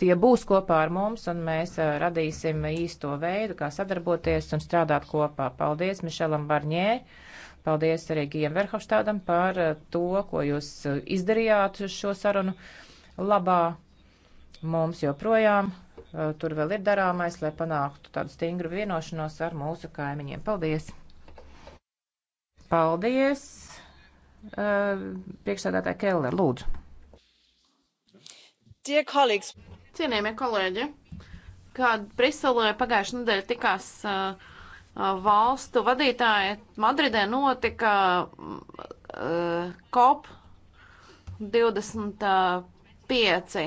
tie būs kopā ar mums, un mēs radīsim īsto veidu, kā sadarboties un strādāt kopā. Paldies Mišelam Barņē Paldies arī Gijam Verhofstādam par eh, to, ko jūs eh, izdarījāt šo sarunu labā. Mums joprojām eh, tur vēl ir darāmais, lai panāktu tādu stingru vienošanos ar mūsu kaimiņiem. Paldies! Paldies! Priekšsēdētāja Keller, lūdzu. Tie kolēģi, cienījamie kolēģi, kad Briselē pagājušajā nedēļā tikās uh, valstu vadītāji Madridē notika uh, COP 25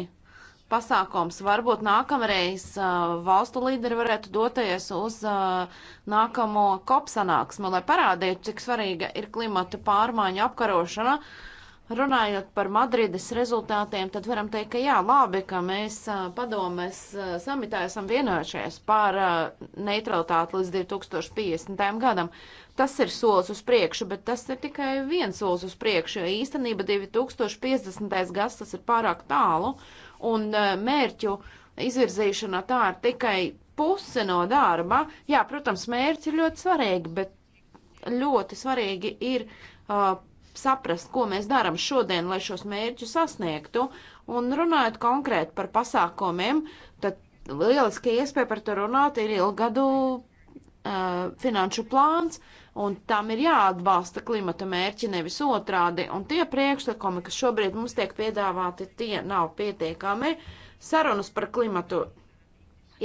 pasākums. Varbūt nākamreiz uh, valstu līderi varētu doties uz uh, nākamo COP sanāksmu, lai parādītu, cik svarīga ir klimata pārmaiņa apkarošana. Uh, Runājot par Madrides rezultātiem, tad varam teikt, ka jā, labi, ka mēs padomēs samitā esam vienojušies par neutralitāti līdz 2050. gadam. Tas ir solis uz priekšu, bet tas ir tikai viens solis uz priekšu, jo īstenība 2050. gads tas ir pārāk tālu, un mērķu izvirzīšana tā ir tikai puse no darba. Jā, protams, mērķi ir ļoti svarīgi, bet ļoti svarīgi ir. Uh, saprast, ko mēs darām šodien, lai šos mērķus sasniegtu. Un runājot konkrēti par pasākumiem, tad lieliski iespēja par to runāt ir ilgadu uh, finanšu plāns, un tam ir jāatbalsta klimata mērķi, nevis otrādi. Un tie priekšlikumi, kas šobrīd mums tiek piedāvāti, tie nav pietiekami. Sarunas par klimatu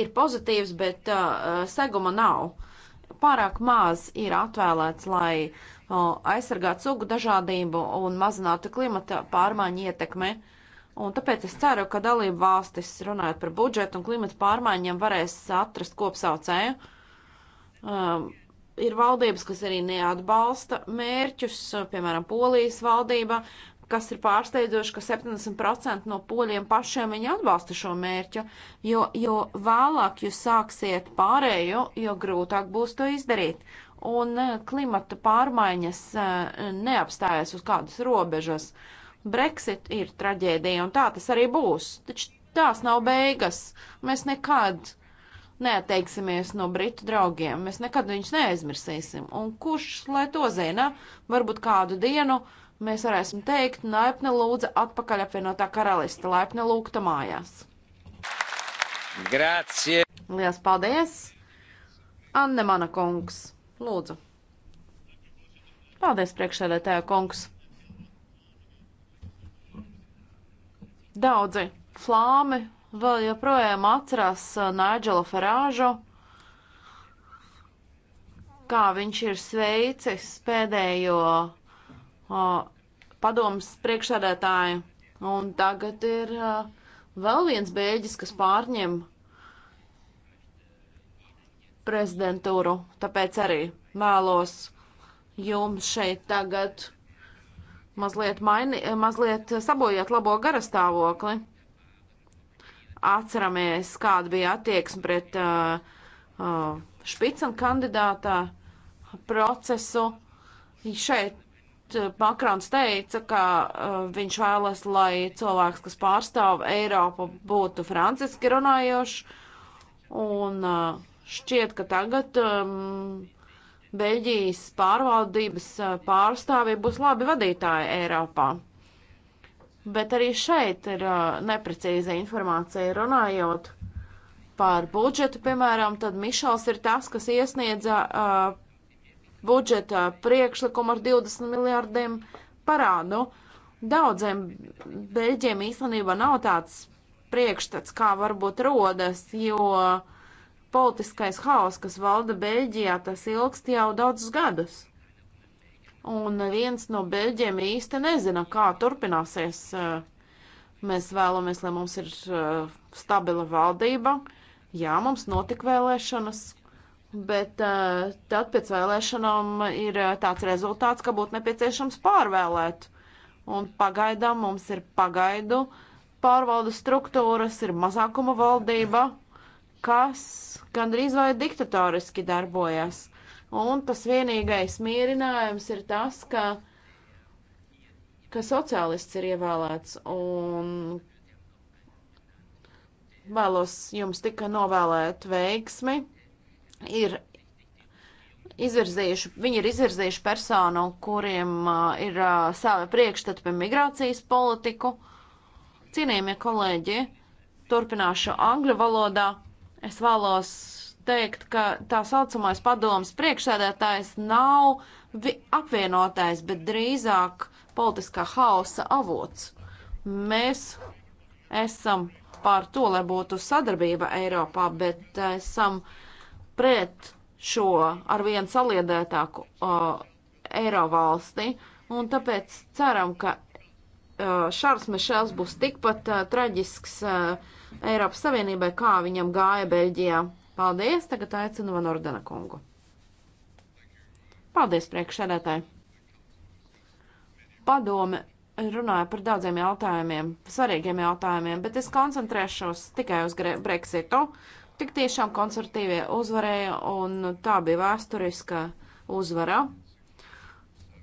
ir pozitīvas, bet uh, seguma nav pārāk maz ir atvēlēts, lai o, aizsargātu sugu dažādību un mazinātu klimata pārmaiņu ietekmi. Un tāpēc es ceru, ka dalību valstis, runājot par budžetu un klimata pārmaiņām, varēs atrast kopsaucēju. Um, ir valdības, kas arī neatbalsta mērķus, piemēram, Polijas valdība kas ir pārsteidzoši, ka 70% no poļiem pašiem viņi atbalsta šo mērķu, jo, jo vēlāk jūs sāksiet pārējo, jo grūtāk būs to izdarīt. Un eh, klimata pārmaiņas eh, neapstājas uz kādas robežas. Brexit ir traģēdija, un tā tas arī būs. Taču tās nav beigas. Mēs nekad neatteiksimies no britu draugiem. Mēs nekad viņus neaizmirsīsim. Un kurš lai to zina, varbūt kādu dienu uh, mēs varēsim teikt, laipni lūdza atpakaļ apvienotā karalista, laipni lūgta mājās. Grācie! Lielas paldies! Anne mana kungs, lūdzu. Paldies priekšsēdētāja kungs. Daudzi flāmi vēl joprojām atcerās uh, Nigela Farāžu, kā viņš ir sveicis pēdējo padomas priekšsēdētāju. Un tagad ir vēl viens bēģis, kas pārņem prezidentūru. Tāpēc arī vēlos jums šeit tagad mazliet, maini, mazliet sabojāt labo garastāvokli. Atceramies, kāda bija attieksme pret uh, uh, špicam kandidātā procesu. Šeit Eh, Makrons teica, ka uh, viņš vēlas, lai cilvēks, kas pārstāv Eiropu, būtu franciski runājošs, un uh, šķiet, ka tagad um, Beļģijas pārvaldības pārstāvji būs labi vadītāji Eiropā. Bet arī šeit ir uh, neprecīza informācija runājot par budžetu, piemēram, tad Mišels ir tas, kas iesniedza uh, budžeta priekšlikumu ar 20 miljārdiem parādu. Daudziem beļģiem īstenībā nav tāds priekšstats, kā varbūt rodas, jo politiskais haoss, kas valda Beļģijā, tas ilgst jau daudzus gadus. Un viens no beļģiem īsti nezina, kā turpināsies. Eh, mēs vēlamies, lai mums ir eh, stabila valdība. Jā, mums notika vēlēšanas, Bet uh, tad pēc vēlēšanām ir eh, tāds rezultāts, ka būtu nepieciešams pārvēlēt. Un pagaidām mums ir pagaidu pārvaldes struktūras, ir mazākuma valdība, kas gandrīz vai diktatoriski darbojas. Un tas vienīgais mierinājums ir tas, ka, ka sociālists ir ievēlēts. Un vēlos jums tikai novēlēt veiksmi ir izvirzījuši, viņi ir izvirzījuši personu, kuriem uh, ir uh, savi priekšstati par migrācijas politiku. Cienījamie kolēģi, turpināšu angļu valodā. Es vēlos teikt, ka tā saucamais padomas priekšsēdētājs nav apvienotais, bet drīzāk politiskā hausa avots. Mēs esam pār to, lai būtu sadarbība Eiropā, bet esam. Uh, pret šo arvien saliedētāku uh, eiro valsti, un tāpēc ceram, ka uh, Šārs Mišels būs tikpat uh, traģisks uh, Eiropas Savienībai, kā viņam gāja Beļģijā. Paldies, tagad aicinu Van Ordena kungu. Paldies, priekšsēdētāji. Padome runāja par daudziem jautājumiem, svarīgiem jautājumiem, bet es koncentrēšos tikai uz Brexitu. Uh, Tik tiešām konservatīvie uzvarēja, un tā bija vēsturiska uzvara.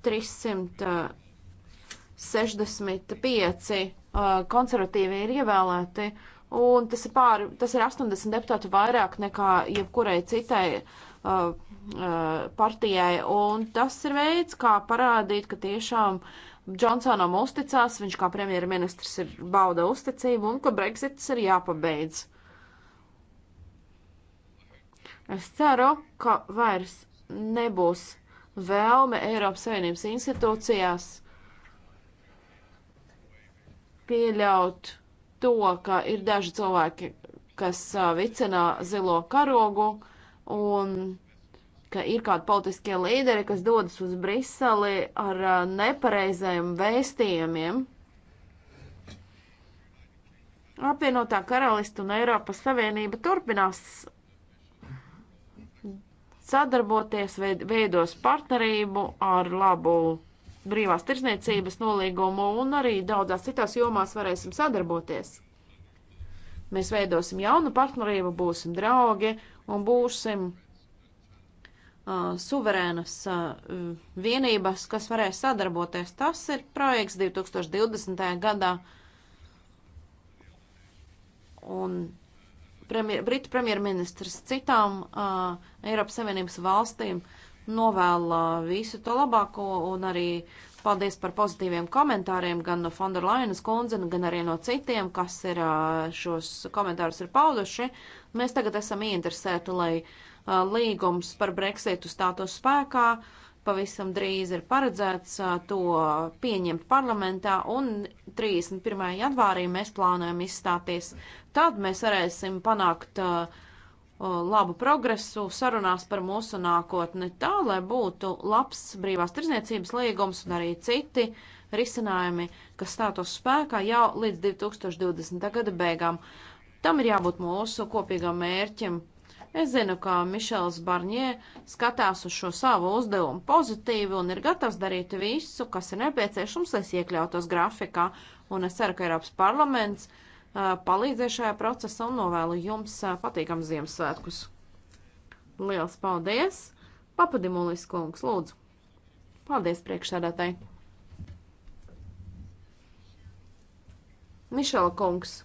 365 uh, konservatīvi ir ievēlēti, un tas ir, pār, tas ir 80 deputātu vairāk nekā jebkurai citai uh, uh, partijai, un tas ir veids, kā parādīt, ka tiešām Džonsonam uzticās, viņš kā premjerministrs ir bauda uzticību, un ka Brexits ir jāpabeidz. Es ceru, ka vairs nebūs vēlme Eiropas Savienības institūcijās pieļaut to, ka ir daži cilvēki, kas vicinā zilo karogu un ka ir kādi politiskie līderi, kas dodas uz Briseli ar nepareizajiem vēstījumiem. Apvienotā karalista un Eiropas Savienība turpinās sadarboties, veidos partnerību ar labu brīvās tirsniecības nolīgumu un arī daudzās citās jomās varēsim sadarboties. Mēs veidosim jaunu partnerību, būsim draugi un būsim uh, suverēnas uh, vienības, kas varēs sadarboties. Tas ir projekts 2020. gadā. Un premjer, Britu premjerministrs citām uh, Eiropas Savienības valstīm novēla visu to labāko un arī paldies par pozitīviem komentāriem gan no Fonda Lainas kundze, gan arī no citiem, kas ir uh, šos komentārus ir pauduši. Mēs tagad esam ieinteresēti, lai uh, līgums par Brexitu stātos spēkā. Uh, Pavisam drīz ir paredzēts to pieņemt parlamentā, un 31. janvārī mēs plānojam izstāties. Tad mēs varēsim panākt uh, labu progresu sarunās par mūsu nākotni, tā lai būtu labs brīvās tirzniecības līgums un arī citi risinājumi, kas stātos spēkā jau līdz 2020. gada beigām. Tam ir jābūt mūsu kopīgam mērķim Es zinu, ka Mišels Barņē skatās uz šo savu uzdevumu pozitīvi un ir gatavs darīt visu, kas ir nepieciešams, lai es iekļautos grafikā. Un es ceru, ka Eiropas parlaments uh, palīdzēs šajā procesā un novēlu jums uh, patīkams Ziemassvētkus. Liels paldies! Papadimulis kungs, lūdzu! Paldies priekšsēdētāji! Mišela kungs,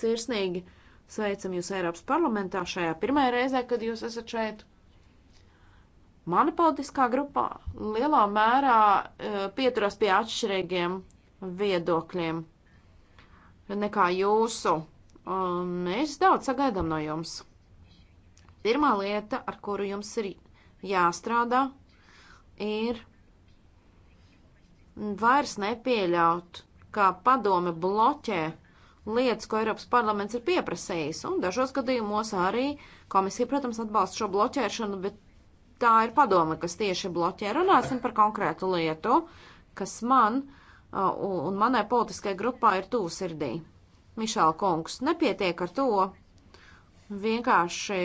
sirsnīgi! Sveicam jūs Eiropas parlamentā šajā pirmajā reizē, kad jūs esat šeit. Mana politiskā grupā lielā mērā uh, pieturas pie atšķirīgiem viedokļiem nekā jūsu. Un mēs daudz sagaidām no jums. Pirmā lieta, ar kuru jums ir jāstrādā, ir vairs nepieļaut, kā padome bloķē lietas, ko Eiropas parlaments ir pieprasījis, un dažos gadījumos arī komisija, protams, atbalsta šo bloķēšanu, bet tā ir padoma, kas tieši bloķē. Runāsim par konkrētu lietu, kas man uh, un manai politiskajai grupā ir tuvu sirdī. Mišāla kungs, nepietiek ar to vienkārši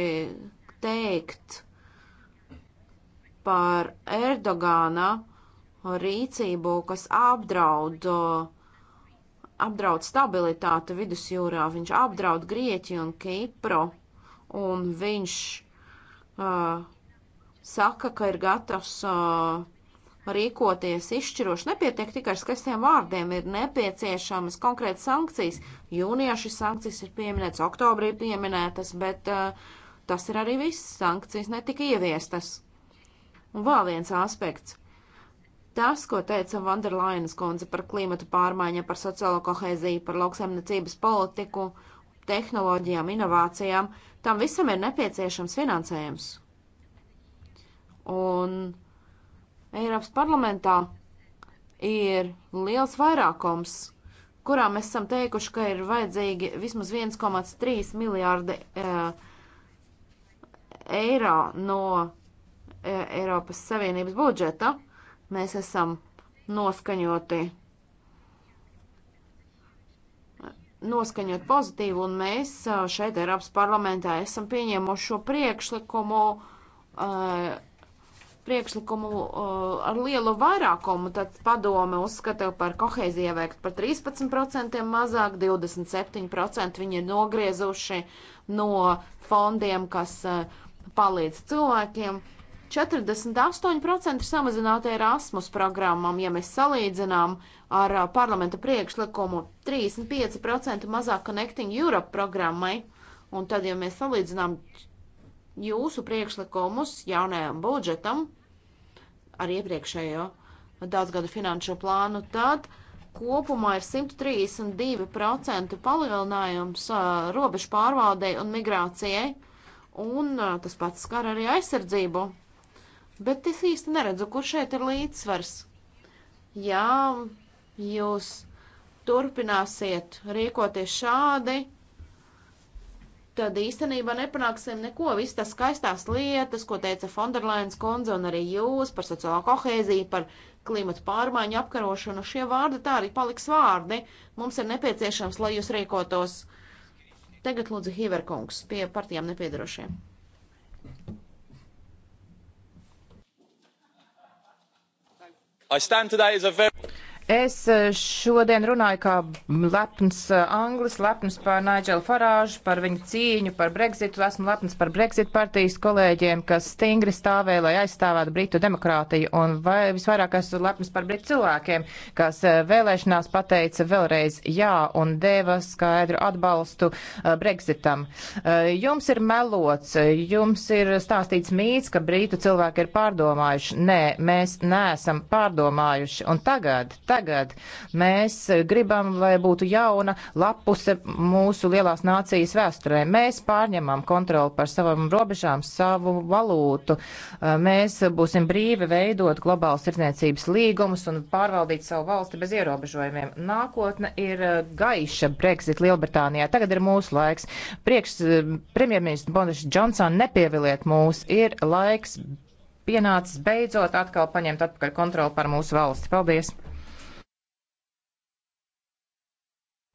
teikt par Erdogāna rīcību, kas apdraud uh, apdraud stabilitāti vidusjūrā, viņš apdraud Grieķiju un Kipru, un viņš uh, saka, ka ir gatavs uh, rīkoties izšķiroši. Nepietiek tikai ar skaistiem vārdiem, ir nepieciešamas konkrētas sankcijas. Jūnijā šis sankcijas ir pieminētas, oktobrī pieminētas, bet uh, tas ir arī viss. Sankcijas netika ieviestas. Un vēl viens aspekts. Tas, ko teica Vanderlainas kundze par klimatu pārmaiņa, par sociālo kohēziju, par lauksaimniecības politiku, tehnoloģijām, inovācijām, tam visam ir nepieciešams finansējums. Un Eiropas parlamentā ir liels vairākums, kurā mēs esam teikuši, ka ir vajadzīgi vismaz 1,3 miljārdi e, eiro no e, Eiropas Savienības budžeta. Mēs esam noskaņoti, noskaņot pozitīvi, un mēs šeit Eiropas parlamentā esam pieņēmuši šo priekšlikumu, priekšlikumu ar lielu vairākumu. Tad padome uzskata par kohēziju veikt par 13% mazāk, 27% viņi ir nogriezuši no fondiem, kas palīdz cilvēkiem. 48% samazināta Erasmus programmam, ja mēs salīdzinām ar parlamenta priekšlikumu 35% mazāk Connecting Europe programmai. Un tad, ja mēs salīdzinām jūsu priekšlikumus jaunajam budžetam ar iepriekšējo daudzgadu finanšu plānu, tad kopumā ir 132% palielinājums uh, robežu pārvaldei un migrācijai, un uh, tas pats skar arī aizsardzību. Bet es īsti neredzu, kur šeit ir līdzsvars. Jā, jūs turpināsiet rīkoties šādi, tad īstenībā nepanāksim neko. Viss tas skaistās lietas, ko teica Fonderlains kundze un arī jūs par sociālo kohēziju, par klimatu pārmaiņu apkarošanu, šie vārdi tā arī paliks vārdi. Mums ir nepieciešams, lai jūs rīkotos. Tagad lūdzu Hiverkungs pie partijām nepiedarošiem. i stand today as a very. Es eh, šodien runāju kā lepns eh, anglis, lepns par Nigelu Farāžu, par viņu cīņu, par Brexitu. Esmu lepns par Brexit partijas kolēģiem, kas stingri stāvēja, lai aizstāvētu Britu demokrātiju. Un vai, visvairāk esmu lepns par Britu cilvēkiem, kas eh, vēlēšanās pateica vēlreiz jā un deva skaidru atbalstu Brexitam. Jums ir melots, jums ir stāstīts mīts, ka Britu cilvēki ir pārdomājuši. Nē, mēs neesam pārdomājuši. Un tagad, tagad tagad. Mēs gribam, lai būtu jauna lapuse mūsu lielās nācijas vēsturē. Mēs pārņemam kontroli par savam robežām, savu valūtu. Mēs būsim brīvi veidot globālas tirdzniecības līgumus un pārvaldīt savu valsti bez ierobežojumiem. Nākotne ir gaiša Brexit Lielbritānijā. Tagad ir mūsu laiks. Priekš premjerministrs Bondis Johnson nepieviliet mūs. Ir laiks pienācis beidzot atkal paņemt atpakaļ kontroli pār mūsu valsti. Paldies!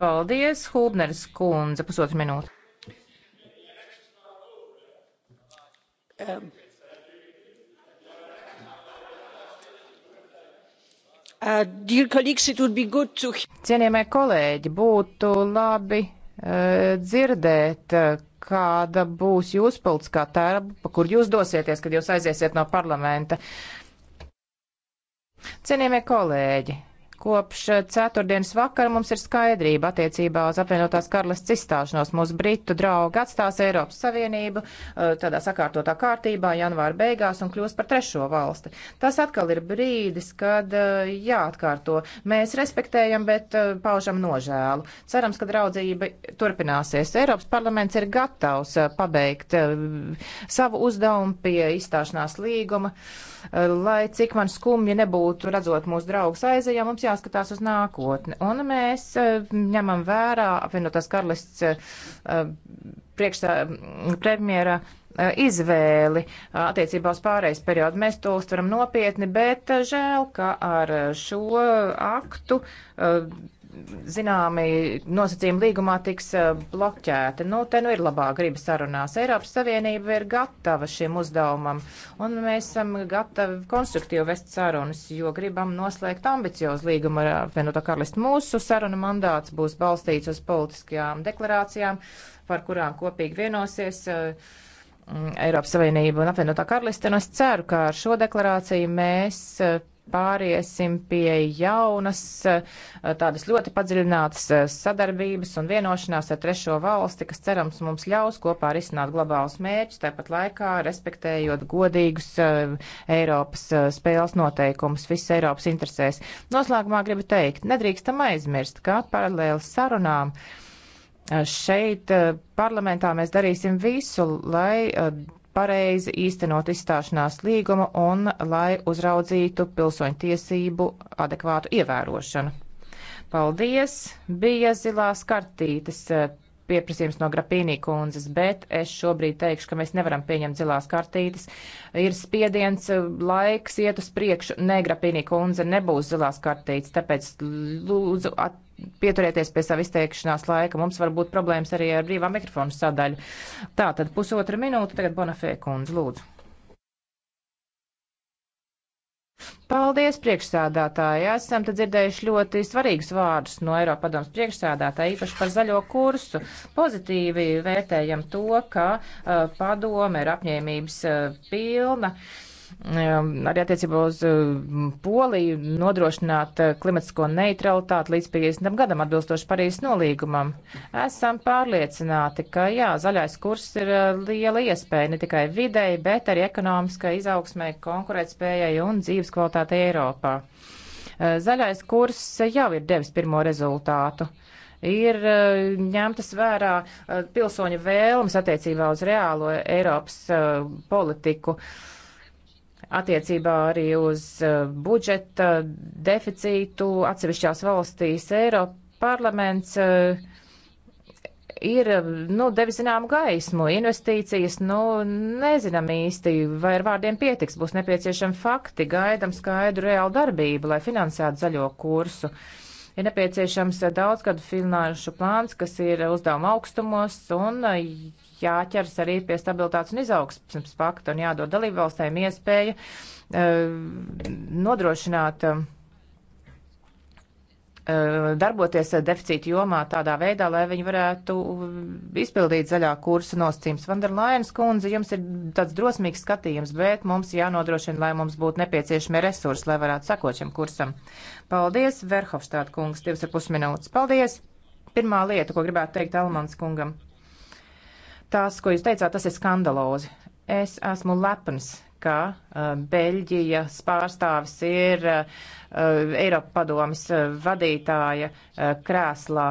Paldies, Hūbneris kundze, pusotru minūtu. Um. Uh, to... Cienījamie kolēģi, būtu labi uh, dzirdēt, uh, kāda būs jūsu politiskā tērba, pa kur jūs dosieties, kad jūs aiziesiet no parlamenta. Cienījamie kolēģi, Kopš ceturtdienas vakara mums ir skaidrība attiecībā uz apvienotās karalists izstāšanos. Mūsu britu draugi atstās Eiropas Savienību uh, tādā sakārtotā kārtībā janvāra beigās un kļūs par trešo valsti. Tas atkal ir brīdis, kad uh, jāatkārto. Mēs respektējam, bet uh, paužam nožēlu. Cerams, ka draudzība turpināsies. Eiropas parlaments ir gatavs pabeigt savu uzdevumu pie izstāšanās līguma. Uh, Lai cik man skumji nebūtu redzot mūsu draugus aizējā, mums jāskatās uz nākotni. Un mēs e, ņemam vērā apvienotās karalists e, e, priekšstā premjera izvēli attiecībā uz pārējais periodu. Mēs to uztveram nopietni, bet žēl, ka ar šo aktu zināmi nosacījumi līgumā tiks eh, bloķēti. Nu, te nu ir labā griba sarunās. Eiropas Savienība ir gatava šim uzdevumam, un mēs esam gatavi konstruktīvi vest sarunas, jo gribam noslēgt ambiciozu līgumu ar apvienoto karalistu. Mūsu saruna mandāts būs balstīts uz politiskajām deklarācijām, par kurām kopīgi vienosies. Eh, Eiropas Savienība un apvienotā karaliste, un es ceru, ka ar šo deklarāciju mēs eh, pāriesim pie jaunas, eh, tādas ļoti padziļinātas eh, sadarbības un vienošanās ar trešo valsti, kas cerams mums ļaus kopā risināt globālus mērķus, tāpat laikā respektējot godīgus eh, Eiropas spēles noteikumus visas Eiropas interesēs. Noslēgumā gribu teikt, nedrīkstam aizmirst, ka paralēli sarunām šeit parlamentā mēs darīsim visu, lai pareizi īstenot izstāšanās līgumu un lai uzraudzītu pilsoņu tiesību adekvātu ievērošanu. Paldies! Bija zilās kartītes eh, pieprasījums no Grapīnī kundzes, bet es šobrīd teikšu, ka mēs nevaram pieņemt zilās kartītes. Ir spiediens, eh, laiks iet uz priekšu. Nē, Grapīnī kundze, nebūs zilās kartītes, tāpēc lūdzu at pieturieties pie sava izteikšanās laika. Mums var būt problēmas arī ar brīvā mikrofonu sadaļu. Tā tad pusotra minūte, tagad Bonafē kundze, lūdzu. Paldies, priekšsādātāji. Esam te dzirdējuši ļoti svarīgus vārdus no Eiropadomas priekšsādātāja, īpaši par zaļo kursu. Pozitīvi vērtējam to, ka uh, padome ir apņēmības uh, pilna. Uh, Um, arī attiecībā uz um, Poliju nodrošināt uh, klimatisko neutralitāti līdz 50. gadam atbilstoši Parīzes nolīgumam. Esam pārliecināti, ka jā, zaļais kurs ir uh, liela iespēja ne tikai videi, bet arī ekonomiskai izaugsmai, konkurētspējai un dzīves kvalitātei Eiropā. Uh, zaļais kurs jau ir devis pirmo rezultātu ir ņemtas vērā pilsoņu vēlmes attiecībā uz reālo Eiropas politiku. Uh, attiecībā arī uz uh, budžeta deficītu atsevišķās valstīs Eiropa parlaments uh, ir, uh, nu, devis zinām gaismu, investīcijas, nu, nezinām īsti, vai ar vārdiem pietiks, būs nepieciešami fakti, gaidam skaidru reālu darbību, lai finansētu zaļo kursu. Ir nepieciešams daudz gadu finanšu plāns, kas ir uzdevuma augstumos un jāķers arī pie stabilitātes un izaugsmes pakta un jādod dalību valstēm iespēja eh, nodrošināt eh, darboties deficīta jomā tādā veidā, lai viņi varētu izpildīt zaļā kursa nosacījums. Vanderlainas kundze, jums ir tāds drosmīgs skatījums, bet mums jānodrošina, lai mums būtu nepieciešami resursi, lai varētu sakot šim kursam. Paldies, Verhofstāda kungs, divas ar pus minūtes. Paldies! Pirmā lieta, ko gribētu teikt Almans kungam. Tas, ko jūs teicāt, tas ir skandalozi. Es esmu lepns, ka uh, Beļģijas pārstāvis ir uh, uh, Eiropa padomis uh, vadītāja uh, krēslā.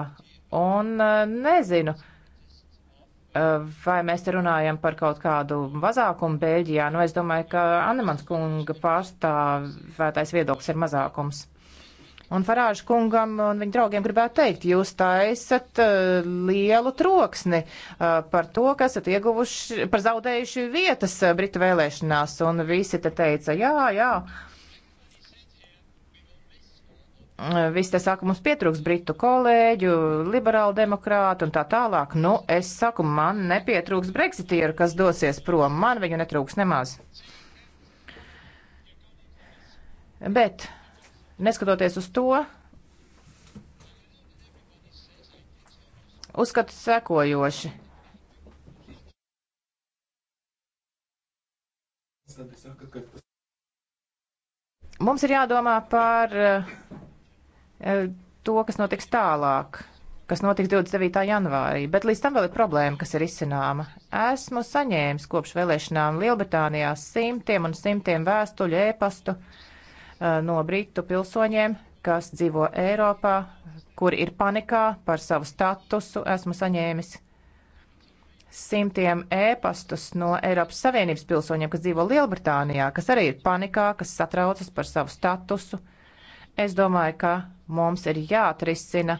Un uh, nezinu, uh, vai mēs te runājam par kaut kādu mazākumu Beļģijā. Nu, es domāju, ka Anemans kunga pārstāvētais viedoklis ir mazākums. Un Farāžu kungam un viņa draugiem gribētu teikt, jūs taisat uh, lielu troksni uh, par to, ka esat ieguvuši, par zaudējuši vietas uh, Britu vēlēšanās, un visi te teica, jā, jā. Uh, visi te saka, mums pietrūks britu kolēģu, liberālu demokrātu un tā tālāk. Nu, es saku, man nepietrūks breksitieru, kas dosies prom. Man viņu netrūks nemaz. Bet Neskatoties uz to, uzskatu sekojoši. Mums ir jādomā par eh, to, kas notiks tālāk, kas notiks 29. janvārī, bet līdz tam vēl ir problēma, kas ir izcināma. Esmu saņēmis kopš vēlēšanām Lielbritānijā simtiem un simtiem vēstuļu ēpastu. E Uh, no britu pilsoņiem, kas dzīvo Eiropā, kuri ir panikā par savu statusu, esmu saņēmis simtiem ēpastus no Eiropas Savienības pilsoņiem, kas dzīvo Lielbritānijā, kas arī ir panikā, kas satraucas par savu statusu. Es domāju, ka mums ir jāatrisina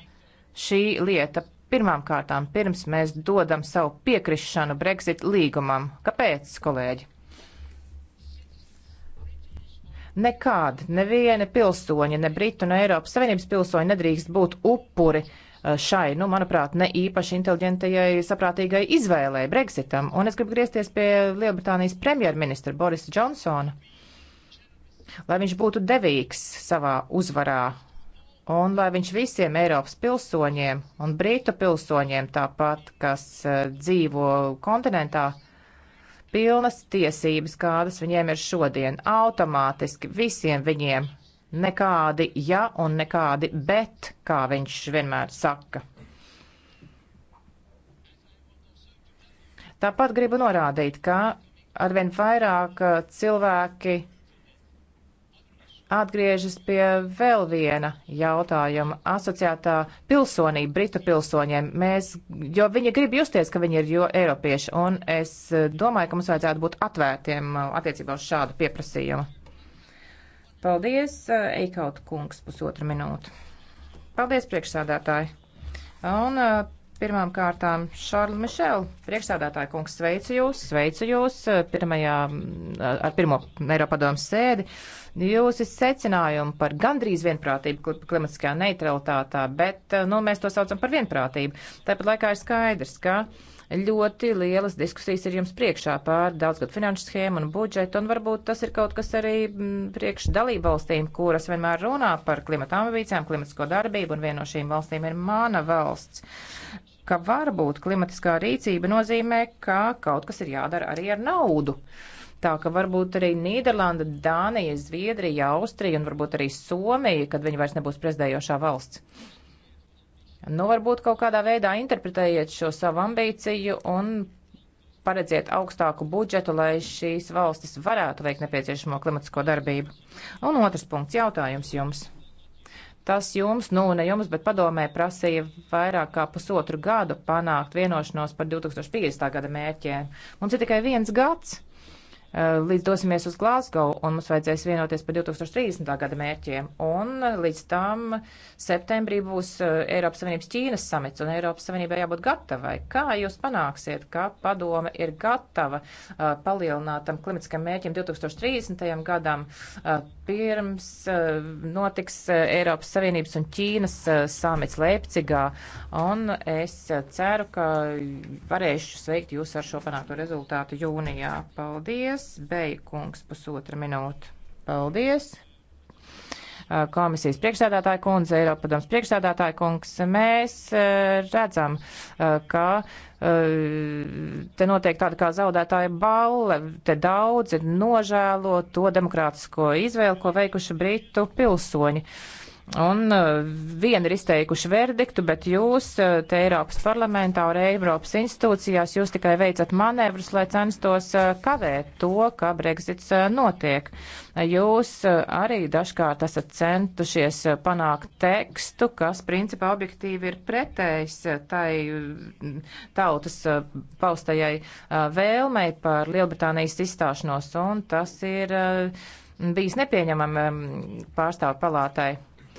šī lieta pirmām kārtām, pirms mēs dodam savu piekrišanu Brexit līgumam. Kāpēc, kolēģi? Nekādi, neviena pilsoņa, ne Britu, ne Eiropas Savienības pilsoņi nedrīkst būt upuri uh, šai, nu, manuprāt, ne īpaši inteliģentajai, saprātīgai izvēlei Brexitam. Un es gribu griezties pie Lielbritānijas premjerministra Borisa Džonsona, lai viņš būtu devīgs savā uzvarā un lai viņš visiem Eiropas pilsoņiem un Brītu pilsoņiem tāpat, kas uh, dzīvo kontinentā, uh, pilnas tiesības, kādas viņiem ir šodien, automātiski visiem viņiem. Nekādi ja un nekādi bet, kā viņš vienmēr saka. Tāpat gribu norādīt, ka arvien vairāk uh, cilvēki atgriežas pie vēl viena jautājuma - asociētā pilsonība Britu pilsoņiem. Mēs, jo viņi grib justies, ka viņi ir jo Eiropieši, un es domāju, ka mums vajadzētu būt atvērtiem uh, attiecībā uz šādu pieprasījumu. Paldies, uh, Eikaut kungs, pusotra minūte. Paldies, priekšsādātāji. Un uh, pirmām kārtām Šarli Mišel, priekšsādātāja kungs, sveicu jūs, sveicu jūs pirmajā, mm, ar pirmo Eiropadomu sēdi. Jūsu secinājumi par gandrīz vienprātību klimatiskajā neutralitātā, bet eh, nu, mēs to saucam par vienprātību. Tāpat laikā ir skaidrs, ka ļoti lielas diskusijas ir jums priekšā pār daudzgad finanšu schēmu un budžetu, un varbūt tas ir kaut kas arī mm, priekš dalību valstīm, kuras vienmēr runā par klimata ambīcijām, klimatisko darbību, un viena no šīm valstīm ir mana valsts ka varbūt klimatiskā rīcība nozīmē, ka kaut kas ir jādara arī ar naudu. Uh, Tā ka varbūt arī Nīderlanda, Dānija, Zviedrija, Austrija un varbūt arī Somija, kad viņi vairs nebūs prezidējošā valsts. Nu, varbūt kaut kādā veidā interpretējiet šo savu ambīciju un paredziet augstāku budžetu, lai šīs valstis varētu veikt nepieciešamo klimatisko darbību. Un otrs punkts jautājums jums. Tas jums, nu ne jums, bet padomē prasīja vairāk kā pusotru gadu panākt vienošanos par 2050. gada mērķiem. Mums ir tikai viens gads. Eh, līdz dosimies uz Glasgow, un mums vajadzēs vienoties par 2030. gada mērķiem. Un eh, līdz tam septembrī būs eh, Eiropas Savienības Ķīnas samits, un Eiropas Savienībai jābūt gatavai. Kā jūs panāksiet, ka padome ir gatava palielinātam klimatiskam mērķim 2030. gadam, pirms notiks Eiropas Savienības un Ķīnas samits Leipcigā, un es ceru, ka varēšu sveikt jūs ar šo panākto rezultātu jūnijā. Paldies! Paldies, Beikungs, pusotra minūte. Paldies! komisijas priekšsēdētāja kundze, Eiropadams priekšsēdētāja kungs, mēs redzam, ka te notiek tāda kā zaudētāja balle, te daudzi nožēlo to demokrātisko izvēlu, ko veikuši Britu pilsoņi. Uh, Un uh, vieni ir izteikuši verdiktu, bet jūs uh, te Eiropas parlamentā un Eiropas institūcijās jūs tikai veicat manevrus, lai censtos uh, kavēt to, ka Brexits notiek. Jūs arī dažkārt esat centušies panākt tekstu, kas principā objektīvi ir pretējs tai mm, tautas paustajai vēlmei par Lielbritānijas izstāšanos, un tas ir bijis nepieņemami um, pārstāvu palātai.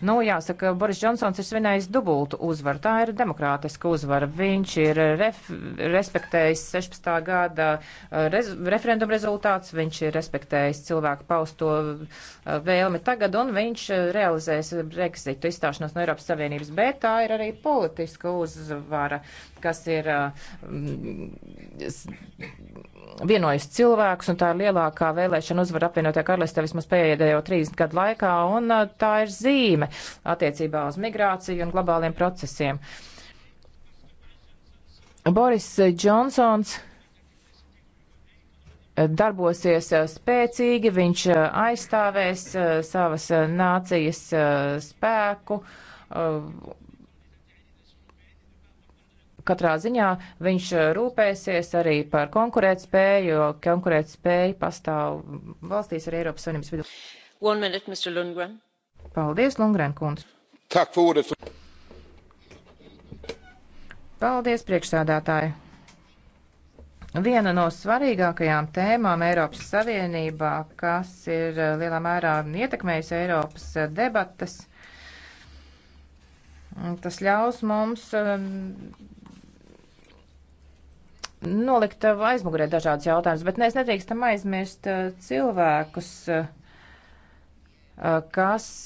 Nu, jāsaka, Boris Džonsons ir svinējis dubultu uzvaru. Tā ir demokrātiska uzvara. Viņš ir ref, respektējis 16. gada uh, rez, referendumu rezultāts, viņš ir respektējis cilvēku pausto uh, vēlmi tagad, un viņš uh, realizēs Brexitu izstāšanos no Eiropas Savienības. Bet tā ir arī politiska uzvara, kas ir mm, vienojusi cilvēkus, un tā ir lielākā vēlēšana uzvara apvienotajā karalistē vismaz pēdējo 30 gadu laikā, un tā ir zīme pasaulē attiecībā uz migrāciju un globāliem procesiem. Boris Džonsons darbosies spēcīgi, viņš aizstāvēs savas nācijas spēku. Katrā ziņā viņš rūpēsies arī par konkurētspēju, jo konkurētspēja pastāv valstīs arī Eiropas Savienības vidū. One minute, Mr. Lundgren. Paldies, Lungrēn kundze! Paldies, priekšsādātāji! Viena no svarīgākajām tēmām Eiropas Savienībā, kas ir eh, lielā mērā ietekmējusi Eiropas eh, debatas, tas ļaus mums eh, nolikt aizmugurē dažādas jautājumas, bet mēs nedrīkstam aizmirst cilvēkus, kas